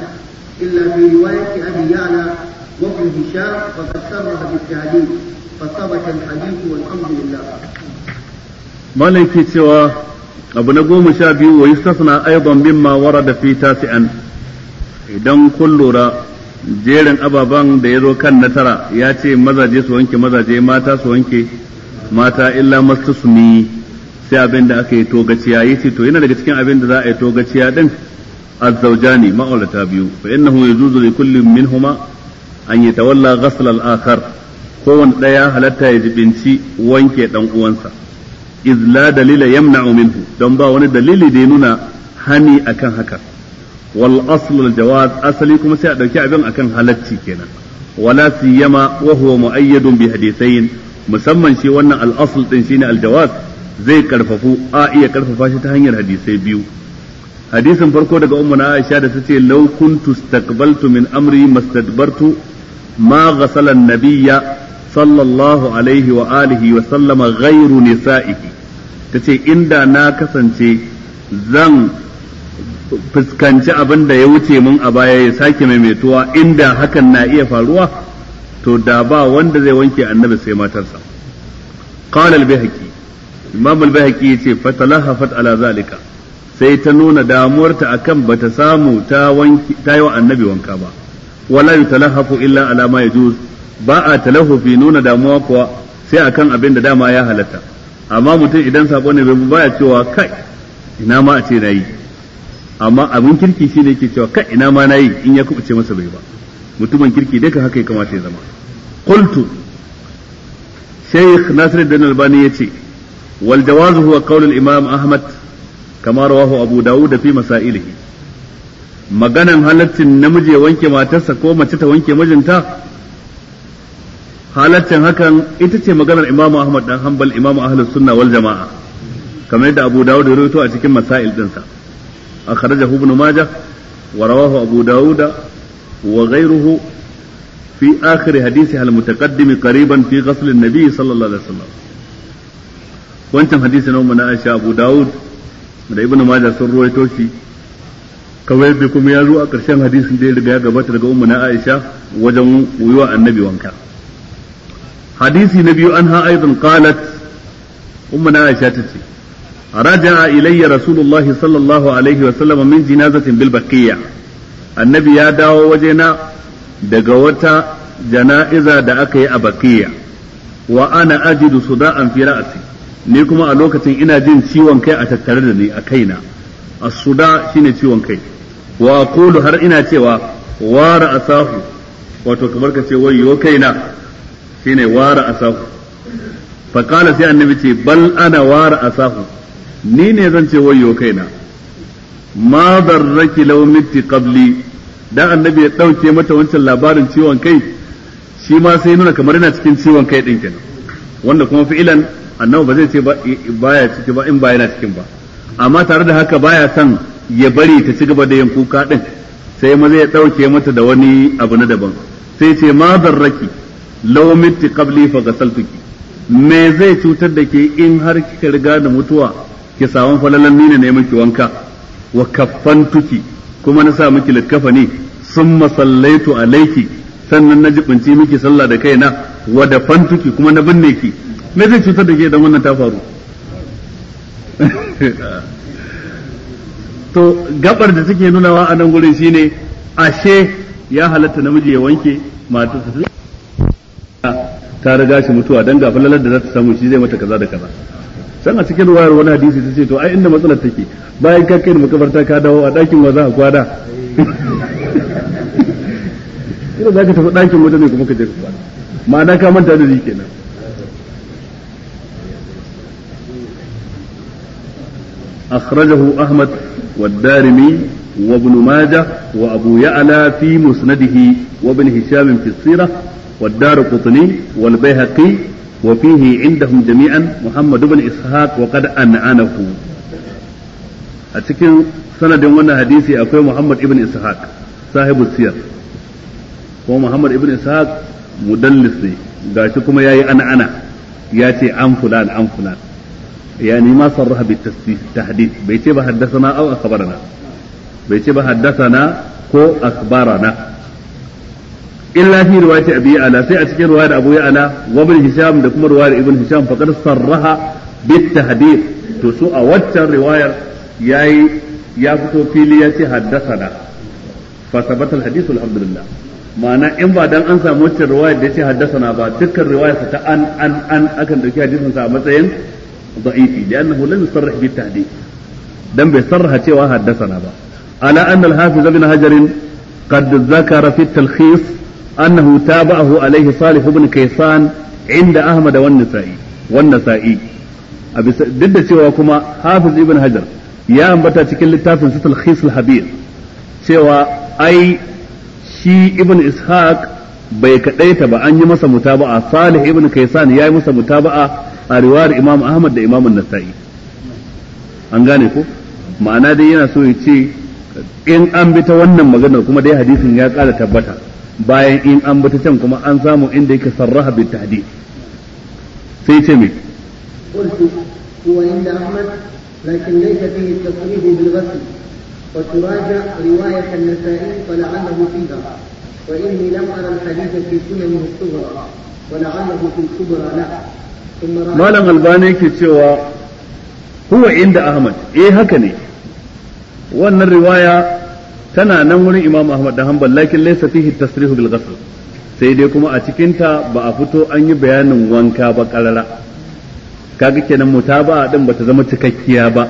إلا في رواية أبي يعلى وابن هشام فقد صرح بالتعليم فثبت الحديث والحمد لله ما مالك سوى abu na goma sha biyu wa yustasna aidan mimma warada fi tasi'an idan kun lura jerin ababan da ya zo kan na tara ya ce mazaje su wanke mazaje mata su wanke mata illa mastasni sai abin da aka yi togaciya ya ce to yana daga cikin abin da za a yi togaciya din azzawjani ma'aurata biyu fa innahu yajuzu li kullin minhuma an yatawalla ghasl al-akhar kowanne daya halatta ya jibinci wanke dan uwansa iz la dalila yamna'u minhu don ba wani dalili da ya nuna hani akan haka wal asl al jawaz asali kuma sai a dauki abin akan halacci kenan wala siyama wa huwa mu'ayyadun bi hadithain musamman shi wannan al asl din shine al jawaz zai karfafu a iya karfafa shi ta hanyar hadisai biyu hadisin farko daga ummu na Aisha da tace law kuntu stakbaltu min amri mastadbartu ma ghasala nabiyya sallallahu alaihi wa alihi wa sallama ghairu nisa'ihi tace inda na kasance zan fuskanci abin da ya wuce mun a baya ya sake maimaituwa inda hakan na iya faruwa to da ba wanda zai wanke annabi sai matarsa qala al-bihaqi imam al ya yace fatalahafat ala zalika sai ta nuna damuwarta akan bata samu ta wanki ta yi wa annabi wanka ba wala yutalahafu illa ala ma yajuz ba a talahufi nuna damuwa kuwa sai akan abin da dama ya halatta amma mutum idan sako ne bai baya cewa kai ina ma a ce nayi amma abin kirki shine yake cewa kai ina ma nayi in ya kubuce masa bai ba mutumin kirki duka haka ya kamata ya zama qultu shaykh nasiruddin albani yace wal jawazu huwa qawl al imam ahmad kama rawahu abu daud fi masailihi maganan halaccin namiji ya wanke matarsa ko mace ta wanke mijinta halaccin hakan ita ce maganar imam ahmad dan hanbal imamu ahlus sunna wal jama'a kamar yadda abu dawud ya rawaito a cikin masail dinsa akhrajahu ibn majah wa rawahu abu dawud wa ghayruhu fi akhir hadisi al mutaqaddim qariban fi sallallahu alaihi wancan hadisi na mu na Aisha Abu Dawud da Ibn Majah sun ruwaito shi kawai bai kuma ya zo a ƙarshen hadisin da ya riga ya gabata daga ummu na Aisha wajen wuyuwa annabi wanka hadisi na biyu an ha aidan qalat ummu na Aisha tace raja'a ilayya rasulullahi sallallahu alaihi wa sallam min jinazatin bil baqiyya annabi ya dawo wajena daga wata jana'iza da aka yi a baqiyya wa ana ajidu suda'an fi ra'si ni kuma a lokacin ina jin ciwon kai a tattare da ni a kaina a suda shine ciwon kai wa qulu har ina cewa wara asahu wato kamar ka ce wayyo kaina shine wara asahu fa qala sai annabi ce bal ana wara asahu ni ne zan ce wayyo kaina ma darraki law mitti qabli dan annabi ya dauke mata wancan labarin ciwon kai shi ma sai nuna kamar yana cikin ciwon kai din kenan wanda kuma fi'ilan annabi ba zai ce baya ciki ba in ba na cikin ba amma tare da haka baya son ya bari ta ci gaba da yin kuka din sai maza ya dauke mata da wani abu na daban sai ce ma zarraki law mitti qabli fa ghasaltuki me zai cutar da ke in har kika riga da mutuwa ki samu falalan nina ne miki wanka wa kaffantuki kuma na sa miki likkafa ne sun masallaitu alaiki sannan na jibinci miki sallah da kaina wa da fantuki kuma na binne ki me zai cutar da ke idan wannan ta faru <laughs> to gabar da suke wa a nan gurin shine ashe ya halatta namiji ya wanke mata ta riga shi mutuwa dan ga falalar da za ta samu shi zai mata kaza da kaza san a cikin wayar wani hadisi ta ce to ai inda matsalar take bayan ka kai makabarta ka dawo a ɗakin wa za a kwada <laughs> ina za ka tafi ɗakin wata ne kuma ka je ka kwada ma'ana ka manta da ni kenan أخرجه أحمد والدارمي وابن ماجه وأبو يعلى في مسنده وابن هشام في السيرة والدار قطني والبيهقي وفيه عندهم جميعا محمد بن إسحاق وقد أنعنه أتكن سند وانا حديثي أخوي محمد بن إسحاق صاحب السير ومحمد بن إسحاق mudallis ne gashi kuma yayi ana ana ya ce an fulan an fulan yani ma sarraha bi bai ce ba haddathana ko akhbarana illa fi riwayati abi ala sai a cikin riwayar abu ala wa ibn hisham da kuma riwayar ibn hisham faqad sarraha bi tahdid to su a waccan riwayar yayi ya fito fili ya ce haddathana ma'ana in ba dan an samu wacce riwayar da ya ce haddasana ba dukkan riwayar ta an an an akan dauki hadisin sa a matsayin da'ifi da annahu lam yusarrih bi tahdid dan bai sarraha cewa haddasana ba ala anna al-hafiz ibn hajar qad zakara fi at-talkhis annahu tabahu alayhi salih ibn kaysan inda ahmad wa nasai wa nasai duk da cewa kuma hafiz ibn hajar ya ambata cikin littafin sa talkhis al-habir cewa ai shi ibn ishaq bai kadaita ba an yi masa mutaba'a salih ibn kaisan ya yi masa mutaba'a a riwayar imam ahmad da imam an-nasa'i an gane ko ma'ana dai yana so ya ce in an bi ta wannan maganar kuma dai hadisin ya kara tabbata bayan in an bi ta can kuma an samu inda yake sarraha bi tahdid sai ce me قلت وتراجع رواية النسائي فلعله فيها وإني لم أرى الحديث في سننه الصغرى ولعله في الكبرى لا ثم مالم الباني كتوى هو عند أحمد إيه هكني وأن الرواية تنا نمر إمام أحمد Ahmad da Hanbal lakin laysa fihi tasrihu bil sai kuma a cikin ta ba a fito an yi bayanin wanka ba karara kaga kenan mutaba din ta zama cikakkiya ba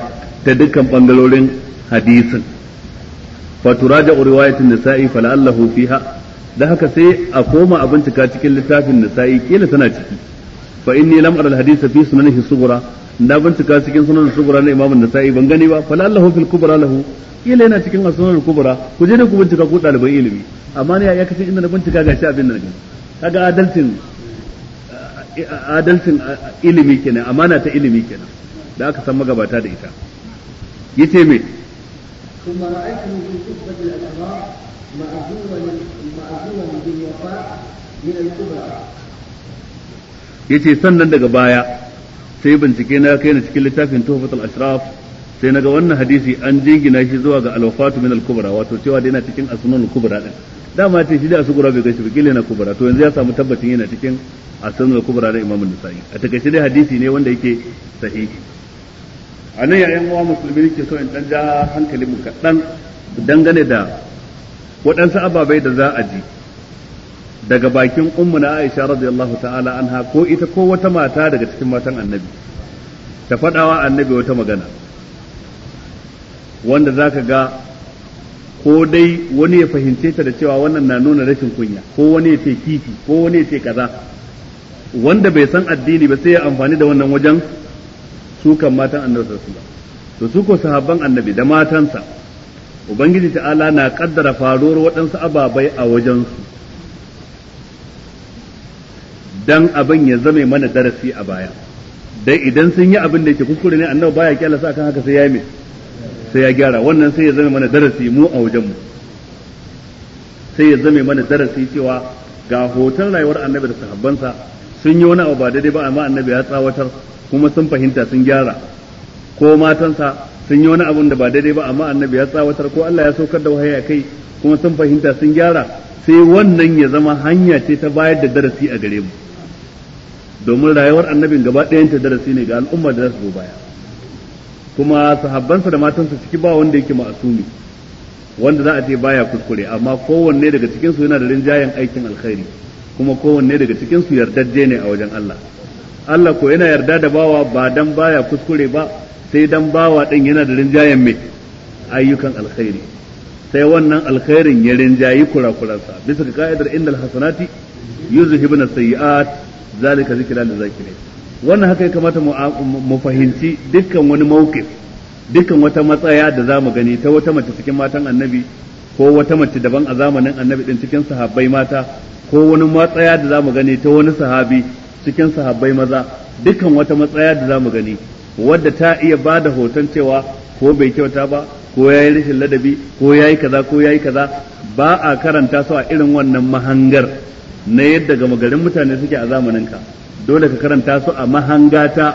ta dukkan bangarorin hadisin fa turaja'u riwayatun nisa'i fala'allahu fiha da haka sai a koma a bincika cikin littafin nisa'i kila tana ciki fa inni lam ara hadith fi sunanihi sughra na bincika cikin sunan sughra na imamu sa'i ban gani ba fala'allahu fil kubra lahu kila yana cikin sunan kubra ku je da ku bincika ku ɗaliban ilimi amma ne ya kace inda na bincika gashi abin nan kaga adalcin adalcin ilimi kenan amana ta ilimi kenan da aka san magabata da ita yace me ثم رأيته في خطبة الأشرار بالوفاء من الكبرى yace sannan daga baya sai bincike na kai na cikin littafin tuhfatul ashraf sai naga wannan hadisi an jingina shi zuwa ga alwafatu min al-kubra wato cewa da yana cikin asnanul kubra din dama ce shi da asugura bai gashi gile na kubra to yanzu ya samu tabbacin yana cikin asnanul kubra da imamun Nasa'i a take shi dai hadisi ne wanda yake sahihi a nan yayin uwa musulmi ke so in dan ja hankali mu kaɗan dangane da waɗansu ababai da za a ji daga bakin ummu na Aisha radiyallahu ta'ala anha ko ita ko wata mata daga cikin matan annabi ta faɗawa annabi wata magana wanda zaka ga ko dai wani ya fahimce ta da cewa wannan na nuna rashin kunya ko wani ya ce kifi ko wani ya ce kaza wanda bai san addini ba sai ya amfani da wannan wajen su kan matan annabi sallallahu alaihi wasallam to su ko sahabban annabi da matansa ubangiji ta'ala na kaddara faruwar waɗansu ababai a wajensu dan abin ya zame mana darasi a baya dai idan sun yi abin da yake kuskure ne annabi baya kyala sa kan haka sai ya yi sai ya gyara wannan sai ya zame mana darasi mu a wajen mu sai ya zame mana darasi cewa ga hoton rayuwar annabi da sahabbansa sun yi wani abu ba daidai ba amma annabi ya tsawatar kuma sun fahimta sun gyara ko matansa sun yi wani abun da ba daidai ba amma annabi ya tsawatar ko Allah ya saukar da wahayi kai kuma sun fahimta sun gyara sai wannan ya zama hanya ce ta bayar da darasi a gare mu domin rayuwar annabin gaba ɗayan ta darasi ne ga al'umma da za su baya kuma sahabbansa da matansa ciki ba wanda yake ma'asumi wanda za a ce baya kuskure amma kowanne daga cikinsu yana da rinjayen aikin alkhairi kuma kowanne daga cikinsu yardajje ne a wajen Allah Allah ko yana yarda da bawa ba dan baya kuskure ba sai dan bawa din yana da rinjayen mai ayyukan alkhairi sai wannan alkhairin ya rinjayi sa bisa ga ka'idar innal hasanati yuzhibuna sayyi'at zalika zikran lil zakirin wannan haka ya kamata mu fahimci dukkan wani mawkif dukkan wata matsaya da zamu gani ta wata mace cikin matan annabi ko wata mace daban a zamanin annabi din cikin sahabbai mata ko wani matsaya da zamu gani ta wani sahabi cikin sahabbai maza dukkan wata matsaya da zamu gani wadda ta iya bada hoton cewa ko bai kyauta ba ko yayi rashin ladabi ko yayi kaza ko yayi kaza ba a karanta su a irin wannan mahangar na yadda gama garin mutane suke a zamanin ka dole ka karanta su a mahangata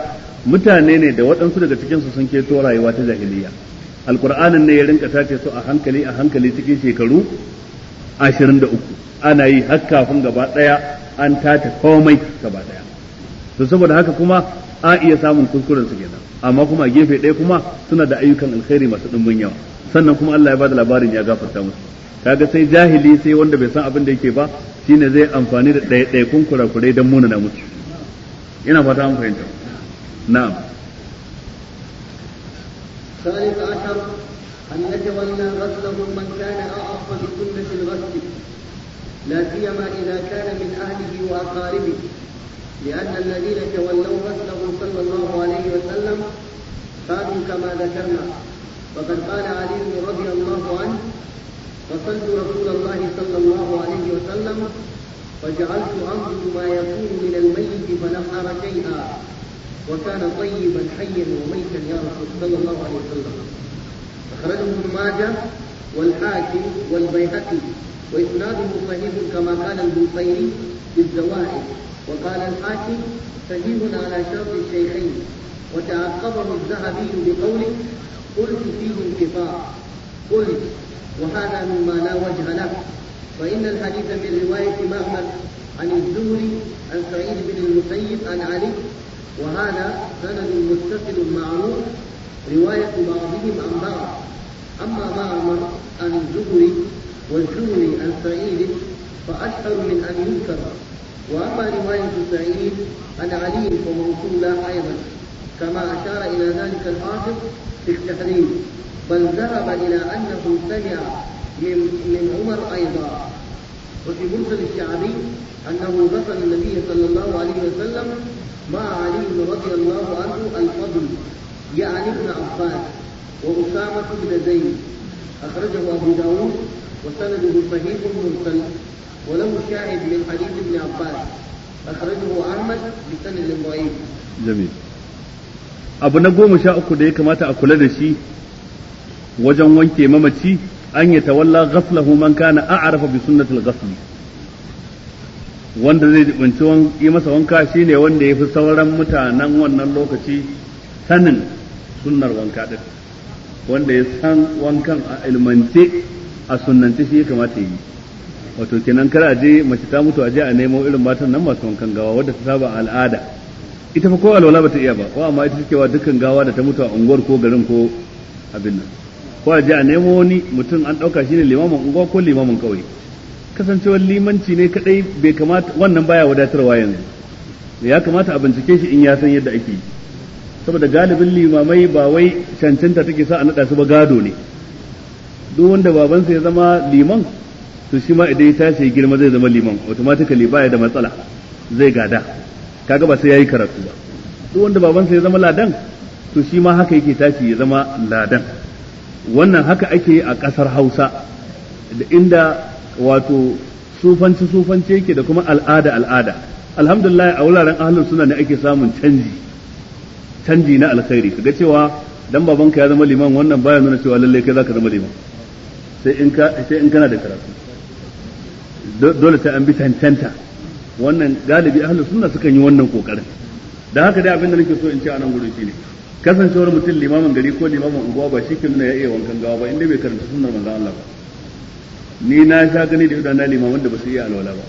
mutane ne da waɗansu daga cikinsu su sun keto rayuwa ta jahiliya alkur'anin ne ya rinka tace su a hankali a hankali cikin shekaru da uku. ana yi har kafin gaba ɗaya an tace komai gaba ɗaya to saboda haka kuma a iya samun kuskuren su kenan amma kuma gefe ɗaya kuma suna da ayyukan alkhairi masu ɗumbin yawa sannan kuma Allah ya bada labarin ya gafarta musu kaga sai jahili sai wanda bai san abin da yake ba shine zai amfani da ɗaya ɗaya kun kurakurai don na musu ina fata an fahimta na'am ثالث عشر أن أن غسله من كان أعرف بسنة الغسل لا سيما إذا كان من أهله وأقاربه لأن الذين تولوا رسله صلى الله عليه وسلم قالوا كما ذكرنا وقد قال علي رضي الله عنه وصلت رسول الله صلى الله عليه وسلم فجعلت أنظر ما يكون من الميت فنحر شيئا وكان طيبا حيا وميتا يا رسول صلى الله عليه وسلم أخرجه ابن ماجه والحاكم والبيهقي وإسناده صحيح كما قال البوصيري في الزوائد وقال الحاكم صحيح على شرط الشيخين وتعقبه الذهبي بقوله قلت فيه انقطاع قلت وهذا مما لا وجه له فإن الحديث من رواية معمر عن الزهري عن سعيد بن المسيب عن علي وهذا سند متصل معروف رواية بعضهم عن بعض أما معمر عن الزهري والزهري عن سعيد فأشهر من أن يذكر وأما رواية سعيد عن علي فموصولة أيضا كما أشار إلى ذلك الحافظ في التحريم بل ذهب إلى أنه سمع من من عمر أيضا وفي مرسل الشعبي أنه ذكر النبي صلى الله عليه وسلم مع علي رضي الله عنه الفضل يعني ابن عباس وأسامة بن زيد أخرجه أبو داود وسنده صحيح مرسل وله شاهد من حديث ابن عباس أخرجه أحمد بسند ضعيف جميل abu na goma sha uku da ya kamata a kula da shi wajen wanke mamaci an ya tawalla ghaslahu man kana a'rafa bi sunnatil ghasli wanda zai dubunci yi masa wanka shi ne wanda ya fi sauran mutanen wannan lokaci sanin sunnar wanka din wanda ya san wankan a ilmance a sunnance shi ya kamata yi wato kenan kar a je mace ta mutu a je a nemo irin matan nan masu wankan gawa wadda ta saba al'ada ita fa ko alwala bata iya ba ko amma ita cewa dukkan gawa da ta mutu a unguwar ko garin ko abin nan ko a je a nemo wani mutum an dauka shine limamin unguwa ko limamin kauye kasancewar limanci ne kadai bai kamata wannan baya wadatarwa yanzu ya kamata a bincike shi in ya san yadda ake yi saboda galibin limamai ba wai cancanta take sa a nada su ba gado ne duk wanda babansa ya zama liman to shi ma idan ya tashi girma zai zama liman automatically baya da matsala zai gada kaga ba sai yayi karatu ba duk wanda babansa ya zama ladan to shi ma haka yake tashi ya zama ladan wannan haka ake a kasar Hausa da inda wato sufanci sufanci yake da kuma al'ada al'ada alhamdulillah a wuraren ahlus sunna ne ake samun canji canji na alkhairi kaga cewa dan babanka ya zama liman wannan baya nuna cewa lalle kai zaka zama liman sai in ka sai in kana da karatu dole sai an bi tantanta wannan galibi ahlus sunna sukan yi wannan kokarin da haka dai abin da nake so in ce a nan gurin shine kasancewar mutum limamin gari ko limamin unguwa ba shi ke nuna ya iya wankan gawa ba inda bai karanta sunnar manzon Allah ba ni na sha gani da yadda na limamin da ba su iya alwala ba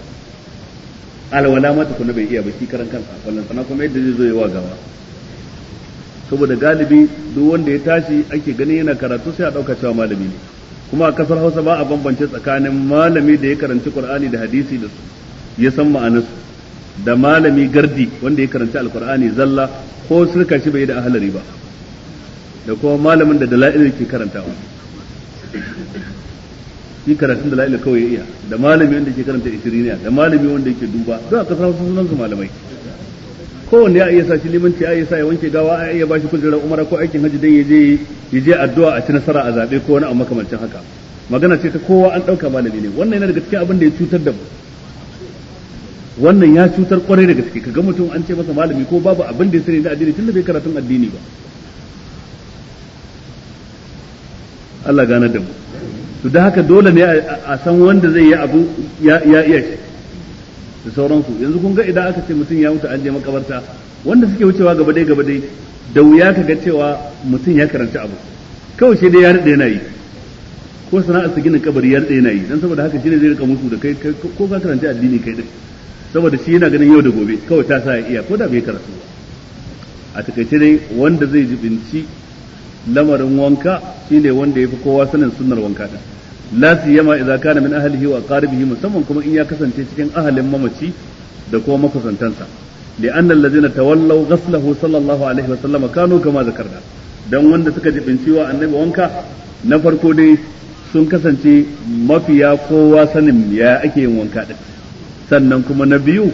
alwala ma kuma bai iya ba shi karan kansa wannan sana kuma yadda zai zo ya wa gawa saboda galibi duk wanda ya tashi ake gani yana karatu sai a dauka cewa malami ne kuma a kasar hausa ba a bambance tsakanin malami da ya karanci qur'ani da hadisi da su ya san ma'anarsu da malami gardi wanda ya karanci alqur'ani zalla ko sirka shi bai da ahalari ba da kuma malamin da dala'il ke karantawa shi karatun dala'il kawai ya iya da malami wanda ke karanta isiriniya da malami wanda yake duba za a kasar hausa sunan su malamai kowanne ya iya sa shi limanci ya iya sa ya wanke gawa a iya bashi kujerar umara ko aikin hajji dan yaje yaje addu'a a ci nasara a zabe ko wani abu makamancin haka magana ce ta kowa an dauka malami ne wannan yana daga cikin abin da ya cutar da mu wannan ya cutar kwarai da gaske kaga mutum an ce masa malami ko babu abin da ya sani na addini tunda bai karatun addini ba Allah gane da mu to da haka dole ne a san wanda zai yi abu ya iya shi da sauransu yanzu kun ga idan aka ce mutum ya mutu an je makabarta wanda suke wucewa gaba dai gaba dai da wuya ka ga cewa mutum ya karanta abu kawai shi dai ya rade yana yi ko sana'ar su gina kabari ya rade yana yi dan saboda haka shi ne zai rika musu da kai ko ka karanta addini kai din saboda shi yana ganin yau da gobe kawai ta sa ya iya ko da bai karatu ba a takaice dai wanda zai jibinci lamarin wanka shine wanda ya fi kowa sanin sunnar wanka din la siyama idza kana min ahlihi wa qaribihi musamman kuma in ya kasance cikin ahalin mamaci da kuma makusantansa li'anna allazina tawallaw ghaslahu sallallahu alaihi wa sallama kanu kama zakarna dan wanda suka jibinci wa annabi wanka na farko dai sun kasance mafiya kowa sanin ya ake yin wanka din sannan kuma na biyu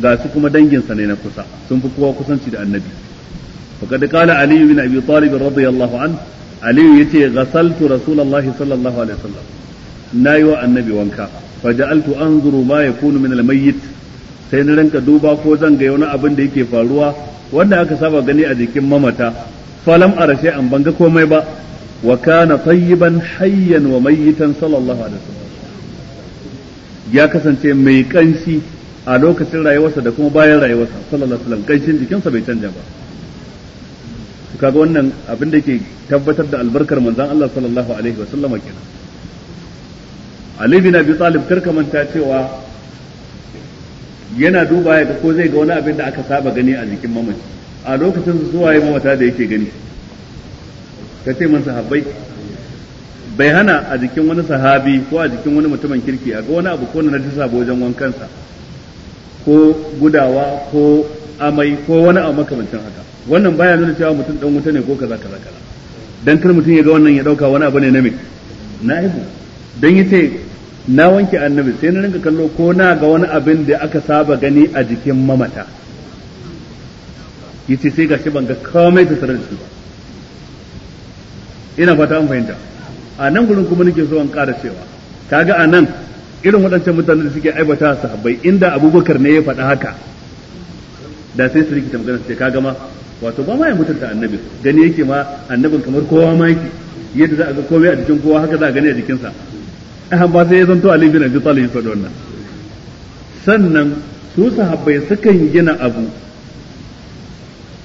gasu su kuma danginsa ne na kusa sun fi kowa kusanci da annabi faqad qala ali bin abi talib radiyallahu anhu aliyu yace ghasaltu rasulullahi sallallahu alaihi wasallam nayi wa annabi wanka faja'altu anzuru ma yakunu min al-mayyit sai na ranka duba ko zan ga wani abin da yake faruwa wanda aka saba gani a jikin mamata falam a rashe ban banga komai ba wa kana tayyiban hayyan wa mayyitan sallallahu alaihi wasallam ya kasance mai kanshi a lokacin rayuwarsa da kuma bayan rayuwarsa sallallahu alaihi wasallam kanshin jikinsa bai canja ba kaga wannan abin da ke tabbatar da albarkar manzon Allah sallallahu alaihi wa sallama kenan Ali bin Abi Talib karka manta cewa yana duba ya ko zai ga wani abin da aka saba gani a jikin mamaci a lokacin su zuwa yi mamata da yake gani ka ce man sahabbai bai hana a jikin wani sahabi ko a jikin wani mutumin kirki a ga wani abu ko na sabo wajen wankansa ko gudawa ko amai ko wani abu makamancin haka wannan baya nuna cewa mutum dan wuta ne ko kaza kaza kaza dan kar mutum ya ga wannan ya dauka wani abu ne na me na ibu dan yace na wanke annabi sai na rinka kallo ko na ga wani abin da aka saba gani a jikin mamata yace sai gashi ban ga komai ta sarar shi ina fata an fahimta a nan gurin kuma nake so an ƙara cewa kaga a nan irin waɗancan mutanen da suke aibata sahabbai inda abubakar ne ya faɗa haka da sai su rikita magana sai kaga ma wato ba ma ya mutunta annabi gani yake ma annabin kamar kowa ma yake yadda za a ga komai a jikin kowa haka za a gani a jikinsa an ba sai ya zanto Ali bin Abi Talib ya wannan sannan su sahabbai sukan gina abu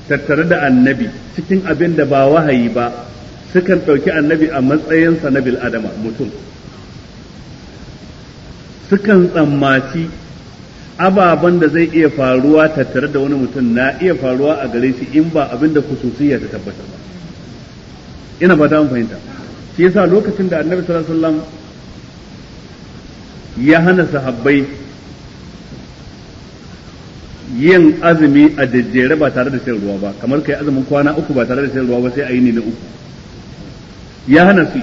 tattare da annabi cikin abin da ba wahayi ba sukan ɗauki annabi a matsayinsa na bil'adama mutum sukan tsammaci ababen da zai iya faruwa tattare da wani mutum na iya faruwa a gare shi in ba abin da kususiyya ta tabbatar ba ina ba ta fahimta shi yasa lokacin da annabi sallallahu alaihi wasallam ya hana sahabbai yin azumi a dajjere ba tare da shan ruwa ba kamar kai azumin kwana uku ba tare da shan ruwa ba sai a yi ne na uku ya hana su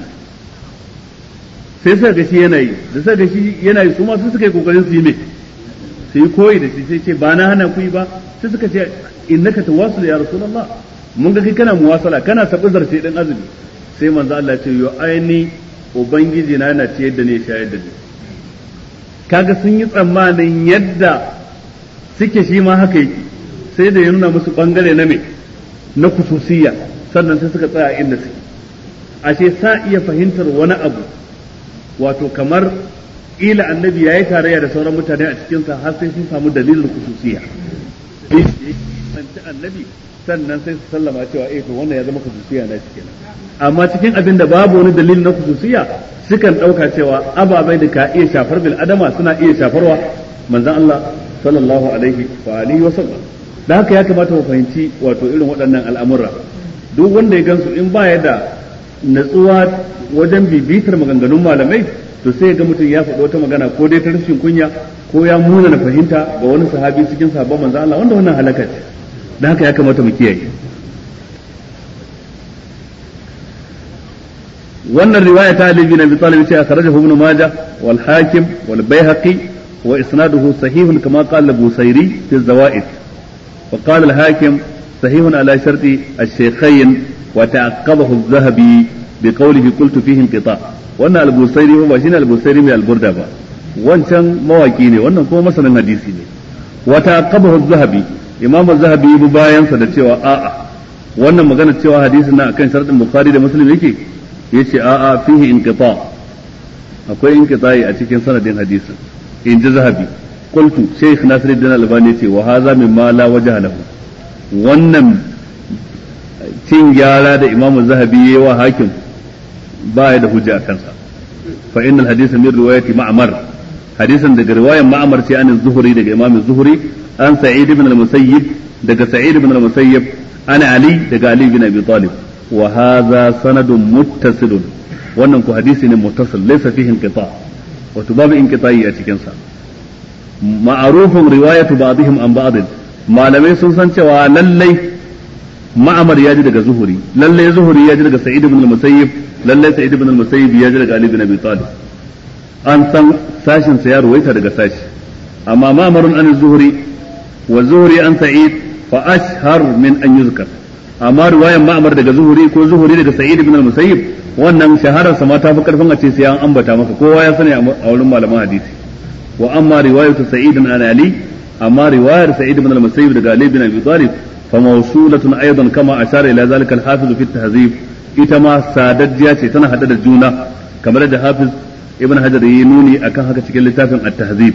sai suka ga shi yana yi da suka ga shi yana yi su ma su suka yi kokarin su yi mai sai koyi da shi sai ce ba na hana kuyi ba sai suka ce innaka tawassul ya rasulullah mun ga kai kana muwasala kana sabu zarce dan azumi sai manzo Allah ce yo aini ubangiji na yana ciyar da ne shayar da ni kaga sun yi tsammanin yadda suke shi ma haka yake sai da ya nuna musu bangare na me na kususiyya sannan sai suka tsaya inda suke ashe sa iya fahimtar wani abu wato kamar kila annabi ya yi tarayya da sauran mutane a cikin har sai sun samu dalilin khususiyya annabi sannan sai su sallama cewa eh to wannan ya zama khususiyya na cikin amma cikin abin da babu wani dalilin na kususiya sukan ɗauka cewa ababai da ka iya shafar bil adama suna iya shafarwa manzon Allah sallallahu alaihi wa alihi wa sallam da haka ya kamata mu fahimci wato irin waɗannan al'amura duk wanda ya gansu in baya da natsuwa wajen bibitar maganganun malamai to sai ga mutum ya faɗi wata magana ko dai ta rashin kunya ko ya muna na fahimta ga wani sahabi cikin sahabban manzo Allah wanda wannan halaka ce dan haka ya kamata mu kiyaye wannan riwaya ta Ali bin Abi Talib ce akhrajahu Ibn Majah wal Hakim wal Baihaqi wa isnaduhu sahihun kama qala Busairi fi zawaid wa qala al Hakim sahihun ala sharti al-shaykhayn wa ta'aqqabahu al-Zahabi bi qawlihi qultu fihi wannan albusairi ba shine al mai alburda ba wancan mawaki ne wannan kuma masanin hadisi ne wata qabahu zahabi imam zahabi bu bayan sa da cewa a'a wannan magana cewa hadisin na akan sharadin bukhari da muslim yake yace a'a fihi inqita akwai inqita'i a cikin sanadin hadisin in ji zahabi qultu shaykh nasiruddin albani ce wa hadha mimma la wajha lahu wannan cin gyara da imam zahabi yayi wa hakim ba ya da hujja a kansa fa innal hadith min riwayati ma'mar hadisin daga riwayar ma'mar sai an zuhuri daga imam zuhuri an sa'id ibn al-musayyib daga sa'id ibn al-musayyib an ali daga ali bin abi talib wa hadha sanadun muttasilun wannan ku hadisi ne muttasil laysa fihi inqita wato babu inqita'i a cikin sa ma'arufun riwayatu ba'dihim an ba'd malamai sun san cewa lallai ma'amar ya ji daga zuhuri lalle zuhuri ya ji daga sa'id ibn al-musayyib lalle sa'id ibn al-musayyib ya ji daga ali ibn abi talib an san sashin sa ya ruwaita daga sashi amma ma'amarun an zuhuri wa zuhuri an sa'id fa ashhar min an yuzkar amma riwayan ma'amar daga zuhuri ko zuhuri daga sa'id ibn al-musayyib wannan shaharar sa ma ta fi karfin a ce sai an ambata maka kowa ya sani a wurin malaman hadisi wa amma riwayatu sa'id an ali amma riwayar sa'id ibn al-musayyib daga ali ibn abi talib فموصولة أيضا كما أشار إلى ذلك الحافظ في التهذيب إتما سادجيا تنا حدد الجونة كما رد حافظ ابن حجر ينوني أكان هكا تكل التهذيب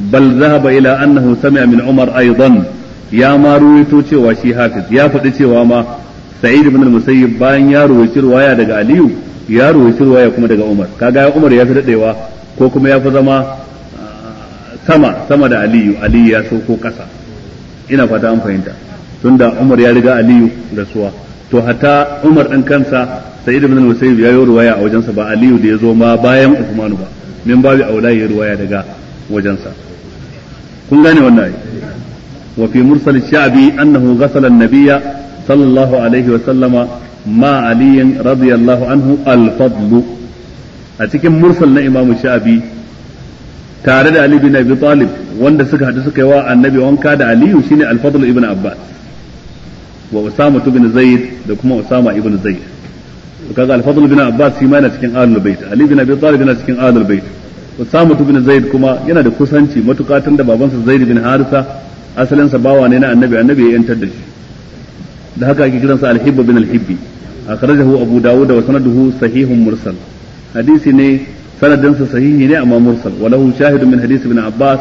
بل ذهب إلى أنه سمع من عمر أيضا ya ma ruwaito cewa shi hafiz ya faɗi cewa ma sa'id ibn al-musayyib bayan ya ruwaici ruwaya daga aliyu ya ruwaici ruwaya kuma daga umar kaga umar ya fi dadewa ko kuma ya fi zama sama sama da aliyu aliyu ya so kasa ina fata an fahimta tunda Umar ya riga Aliyu rasuwa to hatta Umar din kansa Sa'idu ibn Musayyib ya yi ruwaya a wajensa ba Aliyu da ya zo ma bayan Uthman ba min babu aula ya ruwaya daga wajensa kun gane wannan ai wa fi mursal sha'bi annahu ghasala an-nabiyya sallallahu alaihi wa sallama ma aliyin radiyallahu anhu al-fadl a cikin mursal na imamu sha'bi tare da Ali bin Abi Talib wanda suka hadu suka yi wa annabi wanka da Aliyu shine al-fadl ibn Abbas wa Usama ibn Zaid da kuma Usama ibn Zaid to kaga al-Fadl bin Abbas shi ma yana cikin Ahlul Bait Ali bin Abi Talib yana cikin Ahlul Bait Usama ibn Zaid kuma yana da kusanci matuƙa da babansa Zaid bin Harisa asalin sa bawa ne na Annabi Annabi ya yantar da shi da haka ake kiransa al-Hibb bin al-Hibbi akhrajahu Abu Dawud wa sanaduhu sahihun mursal hadisi ne sanadinsa sahihi ne amma mursal walahu shahidun min hadisi bin Abbas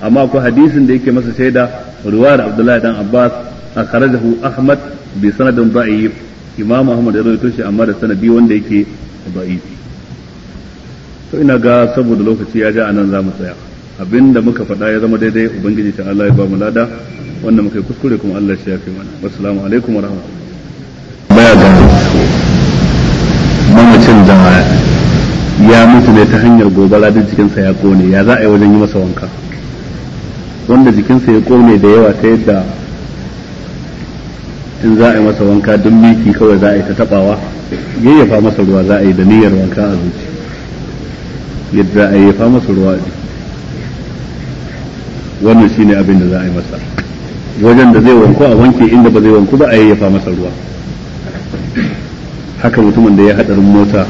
amma akwai hadisin da yake masa shaida riwayar Abdullahi dan Abbas akhrajahu ahmad bi sanadin da'if imam ahmad ya rawaito shi amma da sanadi wanda yake da'if to ina ga saboda lokaci ya ja anan zamu tsaya abinda muka faɗa ya zama daidai ubangiji ta Allah ya ba mu lada wanda muka yi kuskure kuma Allah ya shafe mana assalamu alaikum wa rahmatullahi ya mutu ne ta hanyar gobara duk jikinsa ya kone ya za a yi wajen yi masa wanka wanda jikinsa ya kone da yawa ta yadda in za a yi masa wanka duk miki kawai za a yi ta tabawa yayyafa masa ruwa za a yi da niyyar wanka a zuci yadda a yayyafa masa ruwa wannan shine abin da za a yi masa wajen da zai wanku a wanke inda ba zai wanku ba a yayyafa masa ruwa haka mutumin da ya hadarin mota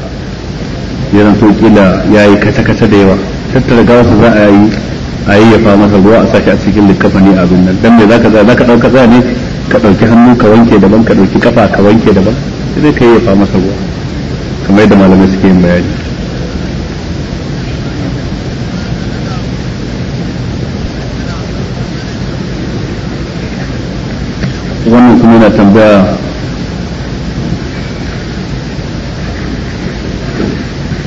ya zanto kila ya yi kata-kata da yawa tattara gawarsa za a yi a yayyafa masa ruwa a sake a cikin likafani a abin nan dan me zaka za ka dauka za ne ka ɗauki hannu ka wanke daban ka ɗauki kafa ka wanke daban sai ka yi fa masa ruwa kamar yadda malamai suke yin bayani wannan kuma yana tambaya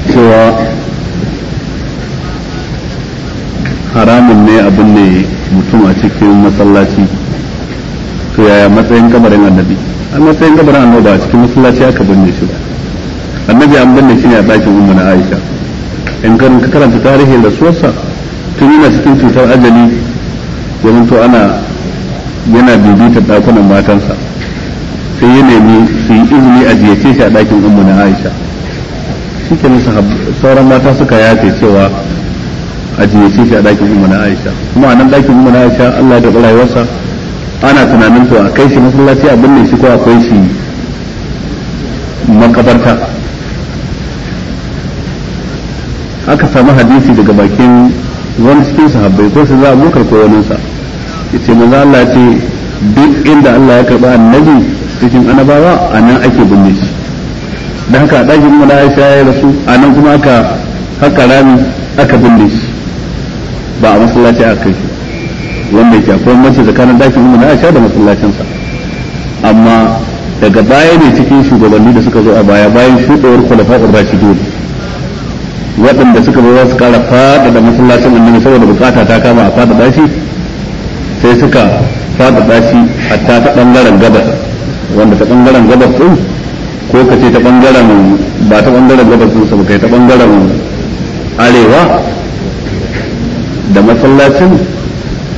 cewa haramun ne abin ne mutum a cikin masallaci to yaya matsayin kabarin annabi a matsayin kabarin annabi ba a cikin masallaci aka binne shi ba annabi an binne shi ne a ɗakin umma na aisha in kan ka karanta tarihin suwarsa tun yana cikin cutar ajali zaman to ana yana bibita ɗakunan matansa sai ya nemi su yi izini a ziyarce shi a ɗakin umma na aisha shi ke sauran mata suka yafe cewa a ziyarce shi a ɗakin umma na aisha kuma a nan ɗakin umma na aisha Allah ya taɓa rayuwarsa ana tunanin su a kai shi masallaci a binne shi ko a kai shi makabarta aka samu hadisi daga bakin wani cikin sahabbai ko su za a bukar ko sa yace manzo Allah ce duk inda Allah ya karba annabi cikin annabawa a ake binne shi da haka a ɗakin mu Aisha ya rasu anan kuma aka haka rami aka binne shi ba a masallaci a kai wanda ya shafi mace tsakanin dakin mun na Aisha da masallacinsa amma daga baya ne cikin shugabanni da suka zo a baya bayan shudewar khulafa'ur rashidun waɗanda suka zo za su ƙara faɗaɗa masallacin annabi saboda bukata ta kama a faɗaɗa shi sai suka faɗaɗa shi hatta ta ɓangaren gabas wanda ta ɓangaren gabas ɗin ko ka ce ta ɓangaren ba ta ɓangaren gabas ɗin sa kai ta ɓangaren arewa da masallacin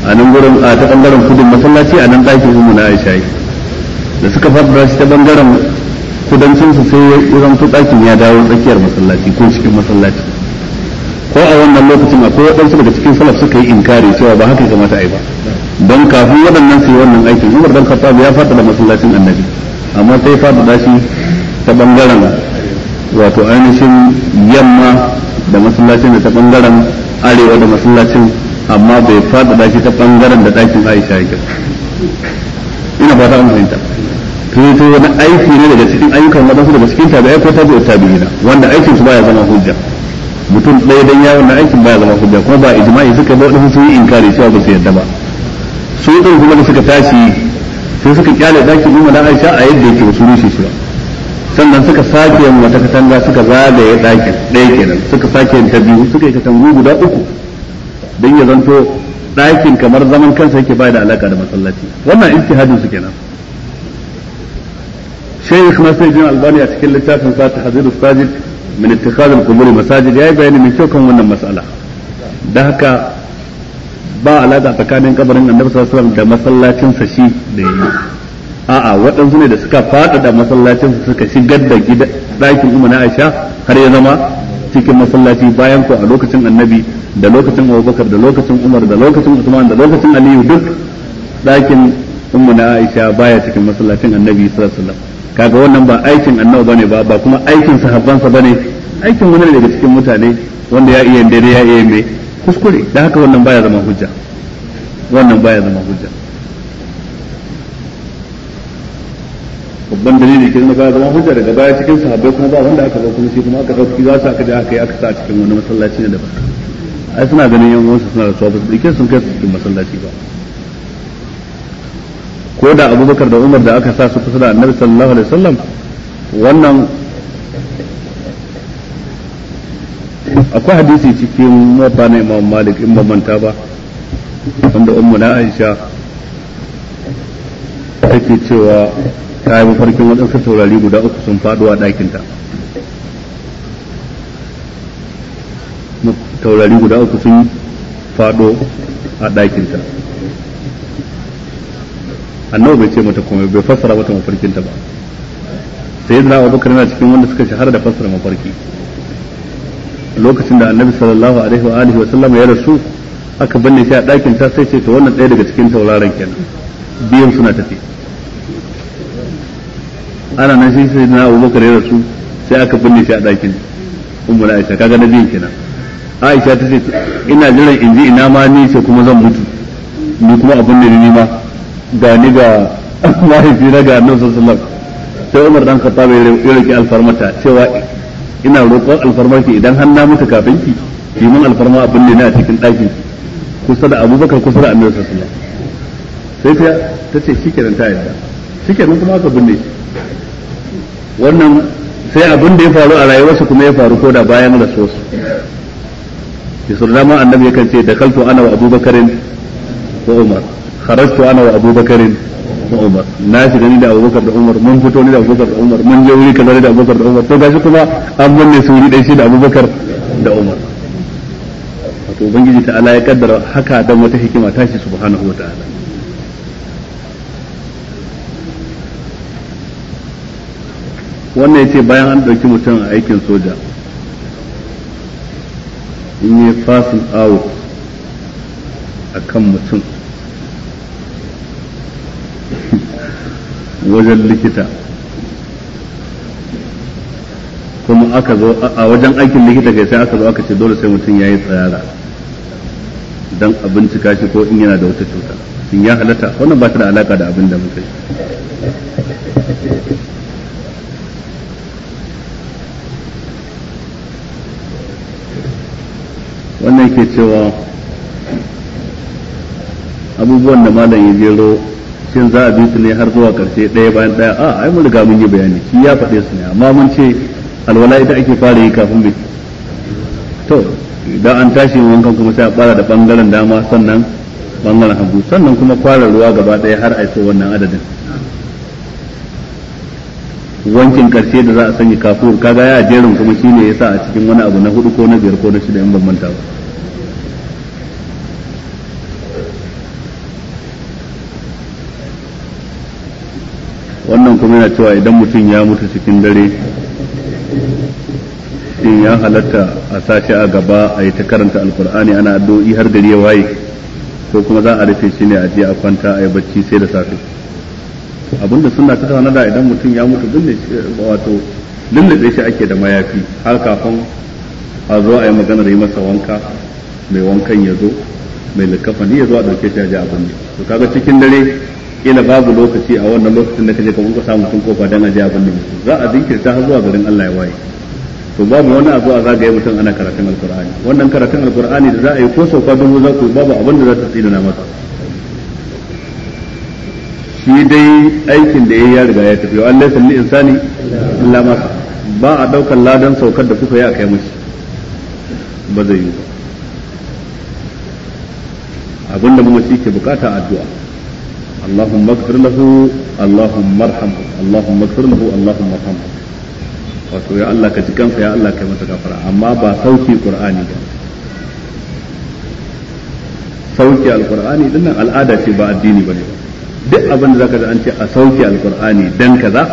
a nan gurin a ta bangaren kudin masallaci a nan ɗakin umu na aisha da suka fadda shi ta bangaren kudancin su sai ya zanto ɗakin ya dawo tsakiyar masallaci ko cikin masallaci ko a wannan lokacin akwai waɗansu daga cikin salaf suka yi inkari cewa ba haka kamata a yi ba don kafin waɗannan su yi wannan aikin umar dan khattab ya fadda masallacin annabi amma sai fadda shi ta bangaren wato ainihin yamma da masallacin da ta bangaren arewa da masallacin amma bai faɗaɗa shi ta ɓangaren da ɗakin aisha yake ina fata an fahimta to wani aiki ne daga cikin ayyukan wadansu daga cikin tabi'ai ko tabi'u tabi'ina wanda aikin su baya zama hujja mutum ɗaya dan ya wannan aikin baya zama hujja kuma ba ijma'i suka ba wadansu sun yi inkari cewa ba su yadda ba su ɗin kuma da suka tashi sai suka kyale dakin umma da Aisha a yadda yake su rushe shi ba sannan suka sake yin wata katanga suka zagaye ɗakin ɗaya kenan suka sake yin ta biyu suka yi katangu guda uku don ya zanto ɗakin kamar zaman kansa yake ba da alaka da masallaci wannan ijtihadin su kenan shaykh masajidin albani a cikin littafin sa tahzir sajid min ittikhaz qubur masajid yayi bayani mai kyau kan wannan mas'ala da haka ba alaka tsakanin kabarin annabi sallallahu alaihi wasallam da masallacin sa shi da yayi a'a waɗansu ne da suka faɗaɗa masallacin su suka shigar da ɗakin umma na Aisha har ya zama cikin masallaci bayan ku a lokacin annabi da lokacin abubakar da lokacin umar da lokacin usman da lokacin aliyu duk ɗakin ummu na aisha baya cikin masallacin annabi sallallahu alaihi wasallam kaga wannan ba aikin annabi bane ba ba kuma aikin sahabbansa bane aikin wani daga cikin mutane wanda ya iya dai ya iya me kuskure da haka wannan baya zama hujja wannan baya zama hujja babban dalili ke na baya zama hujja daga baya cikin sahabbai kuma ba wanda aka zo kuma shi kuma aka dauki za su aka je aka yi aka sa cikin wani masallaci ne daban ai suna ganin yan wasu suna da tsofa ke sun kai su cikin masallaci ba ko da abubakar da umar da aka sa su kusa da annabi sallallahu alaihi wasallam wannan akwai hadisi cikin mota na imam malik in bambanta ba wanda ummu na aisha take cewa ta yi mafarkin waɗansu taurari guda uku sun faɗo a ɗakinta taurari guda uku sun faɗo a ɗakinta annabi bai ce mata komai bai fassara mata mafarkinta ba sai abu abubakar yana cikin wanda suka shahara da fassara mafarki lokacin da annabi sallallahu alaihi wa alihi wa sallam ya rasu aka binne shi a ɗakin ta sai ce to wannan ɗaya daga cikin tauraron kenan biyan suna tafi ana nan shi sai na Bakar ya rasu sai aka binne shi a ɗakin ummu aisha kaga na biyan kina aisha ta ce ina jiran in ji ina ma ni sai kuma zan mutu ni kuma abin da ni ma ga ni ga <laughs> mahaifi na ga annabi sallallahu alaihi sai umar dan khattab ya roki alfarmata cewa ina roƙon alfarmarki idan har na mutu kafin ki ki mun alfarma abin da ni a cikin ɗakin kusa da Abu Bakar kusa da annabi sallallahu alaihi sai ta ta ce shikenan ta yarda shikenan kuma aka binne wannan sai abin da ya faru a rayuwarsa kuma ya faru ko da bayan rasuwarsa yusuf dama annabi yakan ce dakaltu ana wa abubakarin wa umar kharajtu ana wa abubakarin wa umar na shiga ni da abubakar da umar mun fito ni da abubakar da umar mun je wuri kaza da abubakar da umar to gashi kuma an binne su wuri dai shi da abubakar da umar wato ubangiji ta ala ya kaddara haka dan wata hikima ta tashi subhanahu wataala wannan ya ce bayan an ɗauki mutum a aikin soja in yi fasin awo a kan mutum <laughs> wajen likita kuma aka zo a wajen aikin likita kai sai aka zo aka ce dole sai mutum ya yi tsayara don a bincika shi ko in yana da wata cuta sun ya halatta wannan ba ta da alaka da abin da mutum wannan ke cewa abubuwan da malam ya jero shin za a bi su ne har zuwa karshe ɗaya bayan ɗaya a ai mun riga mun yi bayani shi ya faɗe su ne amma mun ce alwala ita ake fara yi kafin bi to idan an tashi kan kuma sai a fara da bangaren dama sannan bangaren hagu sannan kuma kwara ruwa gaba ɗaya har a so wannan adadin wankin karshe da za a sanya kafur kaga ya jerin kuma shine yasa a cikin wani abu na hudu ko na biyar ko na shida in ban manta ba wannan kuma yana cewa idan mutum ya mutu cikin dare in ya halatta a sashi a gaba a yi ta karanta alkur'ani ana addu'o'i har gari ya waye ko kuma za a rufe shi ne a je a kwanta a yi bacci sai da safe abinda suna ta da idan mutum ya mutu wato lullube shi ake da mayafi har kafin a zo a yi da yi masa wanka mai wankan ya zo mai likafani ya zo a dauke shi a ji abin to kaga cikin dare kila babu lokaci a wannan lokacin da kaje ka wanka samu tun kofa dan a ji abin za a jinkirta har zuwa garin Allah ya waye to babu wani abu a zagaye mutum ana karatun alkur'ani wannan karatun alkur'ani da za a yi ko sauka dubu za ku babu abin da za ta tsina masa shi dai aikin da ya ya riga ya tafi an laifin lil insani illa ba a daukar ladan saukar da kuka yi a kai mashi ba zai yi abinda mu shi ke bukata addu'a اللهم اغفر له اللهم ارحمه اللهم اغفir له اللهم ارحمه wato ya Allah ka ji kansa ya Allah kai masa gafara amma ba sauki qur'ani ba sauki alqur'ani dinnan al'ada ce ba addini bane ba duk abin da zaka ji an ce a sauke alkur'ani dan kaza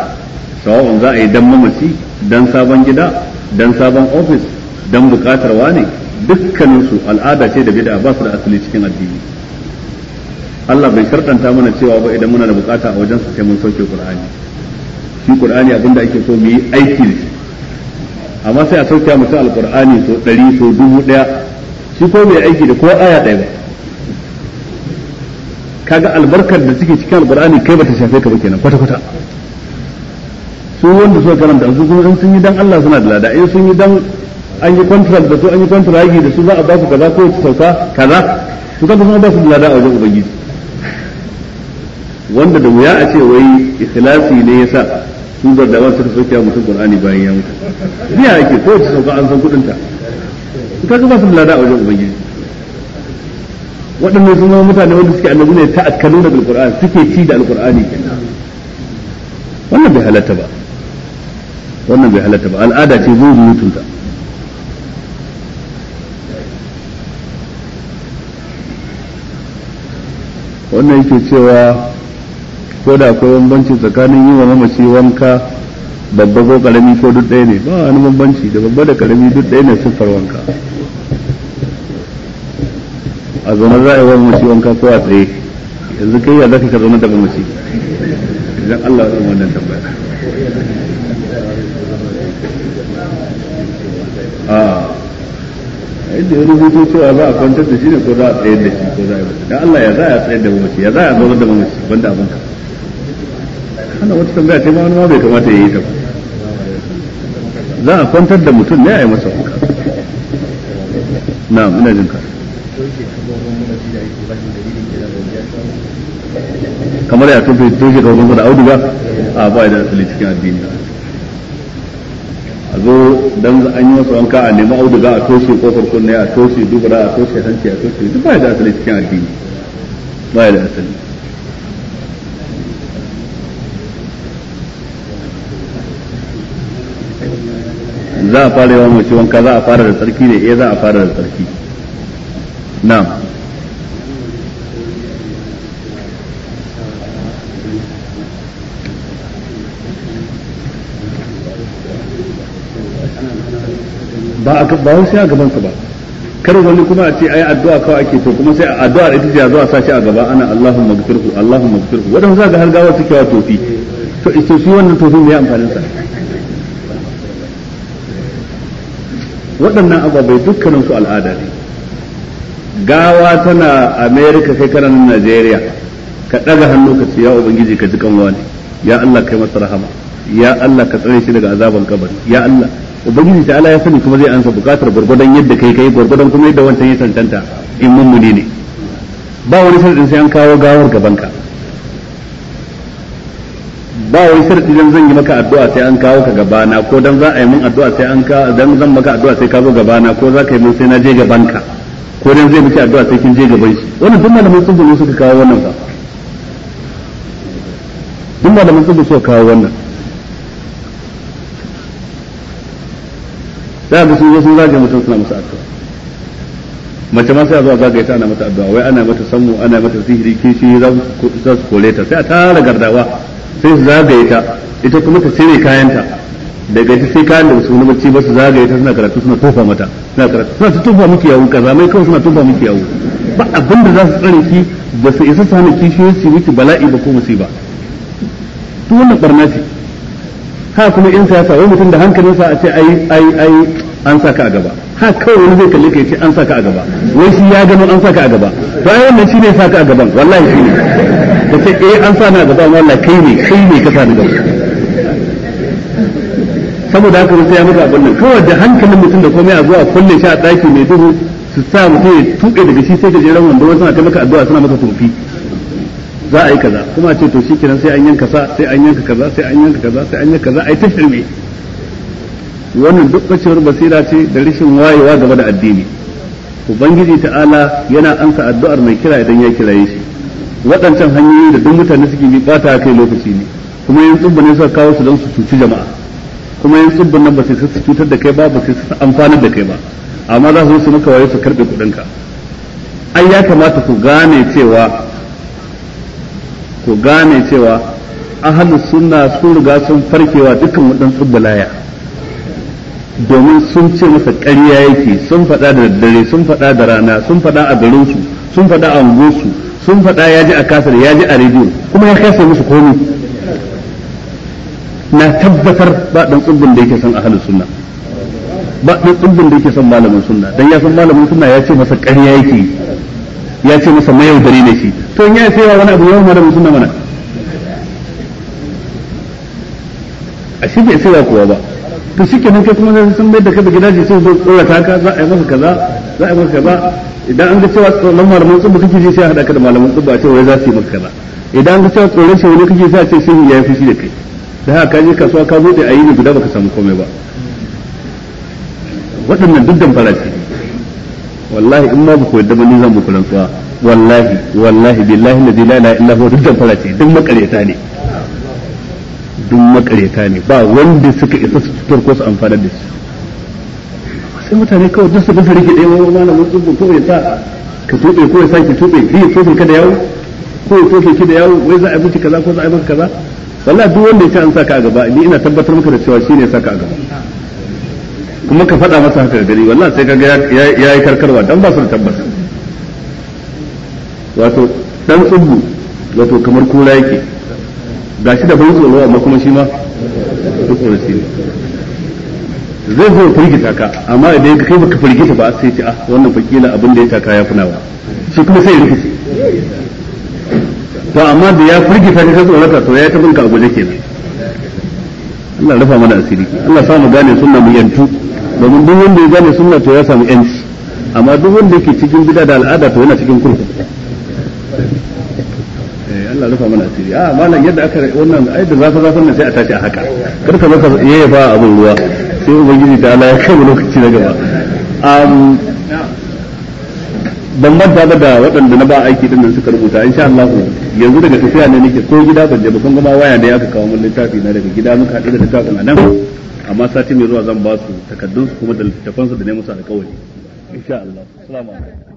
sawa'un za a yi dan mamaci dan sabon gida dan sabon ofis dan bukatar wane dukkanin su al'ada ce da bid'a ba su da asali cikin addini Allah bai shartanta mana cewa ba idan muna da bukata a wajen su sai mun sauke Qur'ani shi Qur'ani abin da ake so mu yi aiki amma sai a sauke mutum alkur'ani so 100 so 1000 shi ko bai aiki da ko aya ɗaya ba kaga albarkar da suke cikin alqur'ani kai bata shafe ka ba kenan kwata kwata su wanda suka karanta su kuma sun yi dan Allah suna da lada in sun yi dan an yi contract da su an yi contract da su za a ba su kaza ko su sauka kaza su kaga sun ba su da lada a wajen ubangiji wanda da wuya a ce wai ikhlasi ne yasa su gardawan su soke mutum qur'ani bayan ya biya ake ko su sauka an san kudin ta kaga ba su da lada a wajen ubangiji waɗannan sun zama mutane wanda suke annabi ne ta akkalu da alqur'ani suke ci da alqur'ani wannan bai halatta ba wannan bai halatta ba al'ada ce zo mutunta wannan yake cewa ko da akwai bambanci tsakanin yi wa mamaci wanka babba ko karami ko duk ɗaya ne ba wani bambanci da babba da karami duk ɗaya ne siffar wanka a zaune za a yi wani mashi wanka ko a tsaye yanzu kai ya zaka ka zaune da mace idan Allah ya wannan tambaya a yadda ya rubuto cewa za a kwantar da shi ne ko za a tsayar da shi ko za a yi mace dan Allah ya za a tsayar da mace ya za a zaune da mace banda abin ka wannan wata tambaya ce ma wani ma bai kamata ya yi ta ba za a kwantar da mutum ne a yi masa kuka na ina jin ka kamar ya tofe toshe kawai da auduga a ba da asali cikin addini a zo don an yi masa wanka a nemi auduga a toshe kofar kunne a toshe dubura a toshe hanci a toshe duk ba da asali cikin addini ba da asali za a fara yawan mace wanka za a fara da tsarki da iya eh za a fara da tsarki na'am ba a ba wasu ya gabansa ba kar wani kuma a ce ai addu'a kawai ake to kuma sai a da ita ce a zuwa a sashi a gaba ana Allahun gfirhu Allahun gfirhu waɗanda za ga har gawar take wa tofi to ita shi wannan tofi ne amfanin sa waɗannan ababai dukkanin su al'ada ne gawa tana america kai kana nan najeriya ka daga hannu ka ce ya ubangiji ka ji kanwa ne ya allah kai masa rahama ya allah ka tsare shi daga azaban kabari ya allah ubangiji ta ya sani kuma zai ansa bukatar gurgudan yadda kai kai gurgudan kuma yadda wancan ya tantanta in mummuni ne ba wani sharadin sai an kawo gawar gaban ka ba wani sharadi dan zan yi maka addu'a sai an kawo ka gabana ko dan za a yi min addu'a sai an ka dan zan maka addu'a sai ka zo gabana ko za ka yi min sai na je gaban ka ko dan zai miki addu'a sai kin je gaban shi wannan duk malamin sun zo suka kawo wannan ba duk malamin sun suka kawo wannan sai ga sun zo sun zage mutum suna masa addu'a mace ma sai a zo a zagaye ta ana mata addu'a wai ana mata sammu ana mata sihiri shi za su kore ta sai a tara gardawa sai su zagaye ta ita kuma ta cire kayanta daga ita sai kayan da su na barci ba su zagaye ta suna karatu suna tofa mata suna karatu suna tofa miki yawo ka zamai kawai suna tofa miki yawo ba abin da za su tsare ki ba su isa su hana kishiyoyi su miki bala'i ba ko musiba to wannan barna ce ha kuma in siyasa wai mutum da hankalinsa a ce ai ai ai an ka a gaba ha kawai wani zai kalle ka ce an ka a gaba wai shi ya gano an ka a gaba to ai wannan shine sa ka a gaban wallahi shine ce eh an sa na gaba wallahi kai ne kai ne ka sa ni gaba saboda haka sai ya maka abin nan kawai da hankalin mutum da komai a zuwa kulle shi a daki mai duhu su sa mutum ya tuɓe daga shi sai gajeren wanda wasu suna ta maka addu'a suna maka tofi za a yi kaza kuma a ce to shi kenan sai an yanka sa sai an yanka kaza sai an yanka kaza sai an yanka kaza ai ta shirme wannan duk bacewar basira ce da rashin wayewa gaba da addini ubangiji ta'ala yana ansa addu'ar mai kira idan ya kiraye shi waɗancan hanyoyi da duk mutane suke bi bata kai lokaci ne kuma yin tsubba ne suka kawo su don su cuci jama'a kuma yin tsibbin nan ba sai su cutar da kai ba ba sai su amfani da kai ba amma za su su maka waye su karbe kudinka ai ya kamata ku gane cewa ku gane cewa ahalu sunna sun riga sun farkewa dukkan wadan tsibbalaya domin sun ce masa ƙarya yake sun faɗa da daddare sun faɗa da rana sun faɗa a garinsu sun faɗa a unguwarsu sun faɗa ya ji a kasar ya ji a rediyo kuma ya kasa musu komai na tabbatar ba dan tsubbin da yake son ahalin sunna ba dan tsubbin da yake son malamin sunna dan ya san malamin sunna ya ce masa ƙarya yake ya ce masa mayaudari ne shi to in ya ce wa wani abu yawan malamin sunna mana a shi bai sai kuwa ba to shi kenan kai kuma sun mai da ka da gidaje sai zo ta ka za a yi masa kaza za a yi masa kaza idan an ga cewa tsoron malaman tsubba kake ji sai a haɗa ka da malaman tsubba a ce wai za su yi maka kaza idan an ga cewa tsoron shi wani kake sai a ce sai ya yi fushi da kai da haka kaje kasuwa ka bude a ne guda baka samu komai ba waɗannan duk dan ce wallahi in ma ku yadda ba ni zan muku rantsuwa wallahi wallahi billahi la ilaha illa huwa duk dan ce duk makareta ne duk makareta ne ba wanda suka isa su tutar ko su amfana da shi sai mutane kawai duk su bisa rike ɗaya wani malamin tsubu ko ya sa ka tuɓe ko ya sa ki tuɓe ya tofe ka da yawo ko ya tofe ki da yawo wai za a yi miki kaza ko za a yi kaza wallahi duk wanda ya ce an saka a gaba ni ina tabbatar maka da cewa shine saka a gaba kuma ka faɗa masa haka gari wallahi sai kaga ya yi karkarwa dan ba su da tabbas wato dan tsubbu wato kamar kura yake gashi da bai tsoro amma kuma shi ma tsoro shi ne zai zo firgita ka amma idan ka kai baka firgita ba sai ce ah wannan fakila abin da ya taka ya funawa shi kuma sai ya rikice to amma da ya firgita ne ta tsorata to ya ta binka a guje kenan Allah rufa mana asiri Allah samu gane sunna mu yantu domin duk wanda ya gane sunna to ya samu yanci amma duk wanda yake cikin gida da al'ada to yana cikin kurkuku eh, Allah rufa mana asiri a ah, malam yadda aka wannan ai da zafa zafa nan sai a tashi a haka karka ka zaka yayyafa abin ruwa sai ubangiji ta Allah ya kai lokaci na gaba ban manta ba da waɗanda na ba aiki din nan suka rubuta sha Allah yanzu daga tafiya ne nake ko gida ban je ba kun gama waya ne aka kawo min littafi na daga gida muka haɗu da littafin a nan amma sati mai zuwa zan ba su takaddun su kuma da littafansu su da ne musu alƙawari sha Allah assalamu alaikum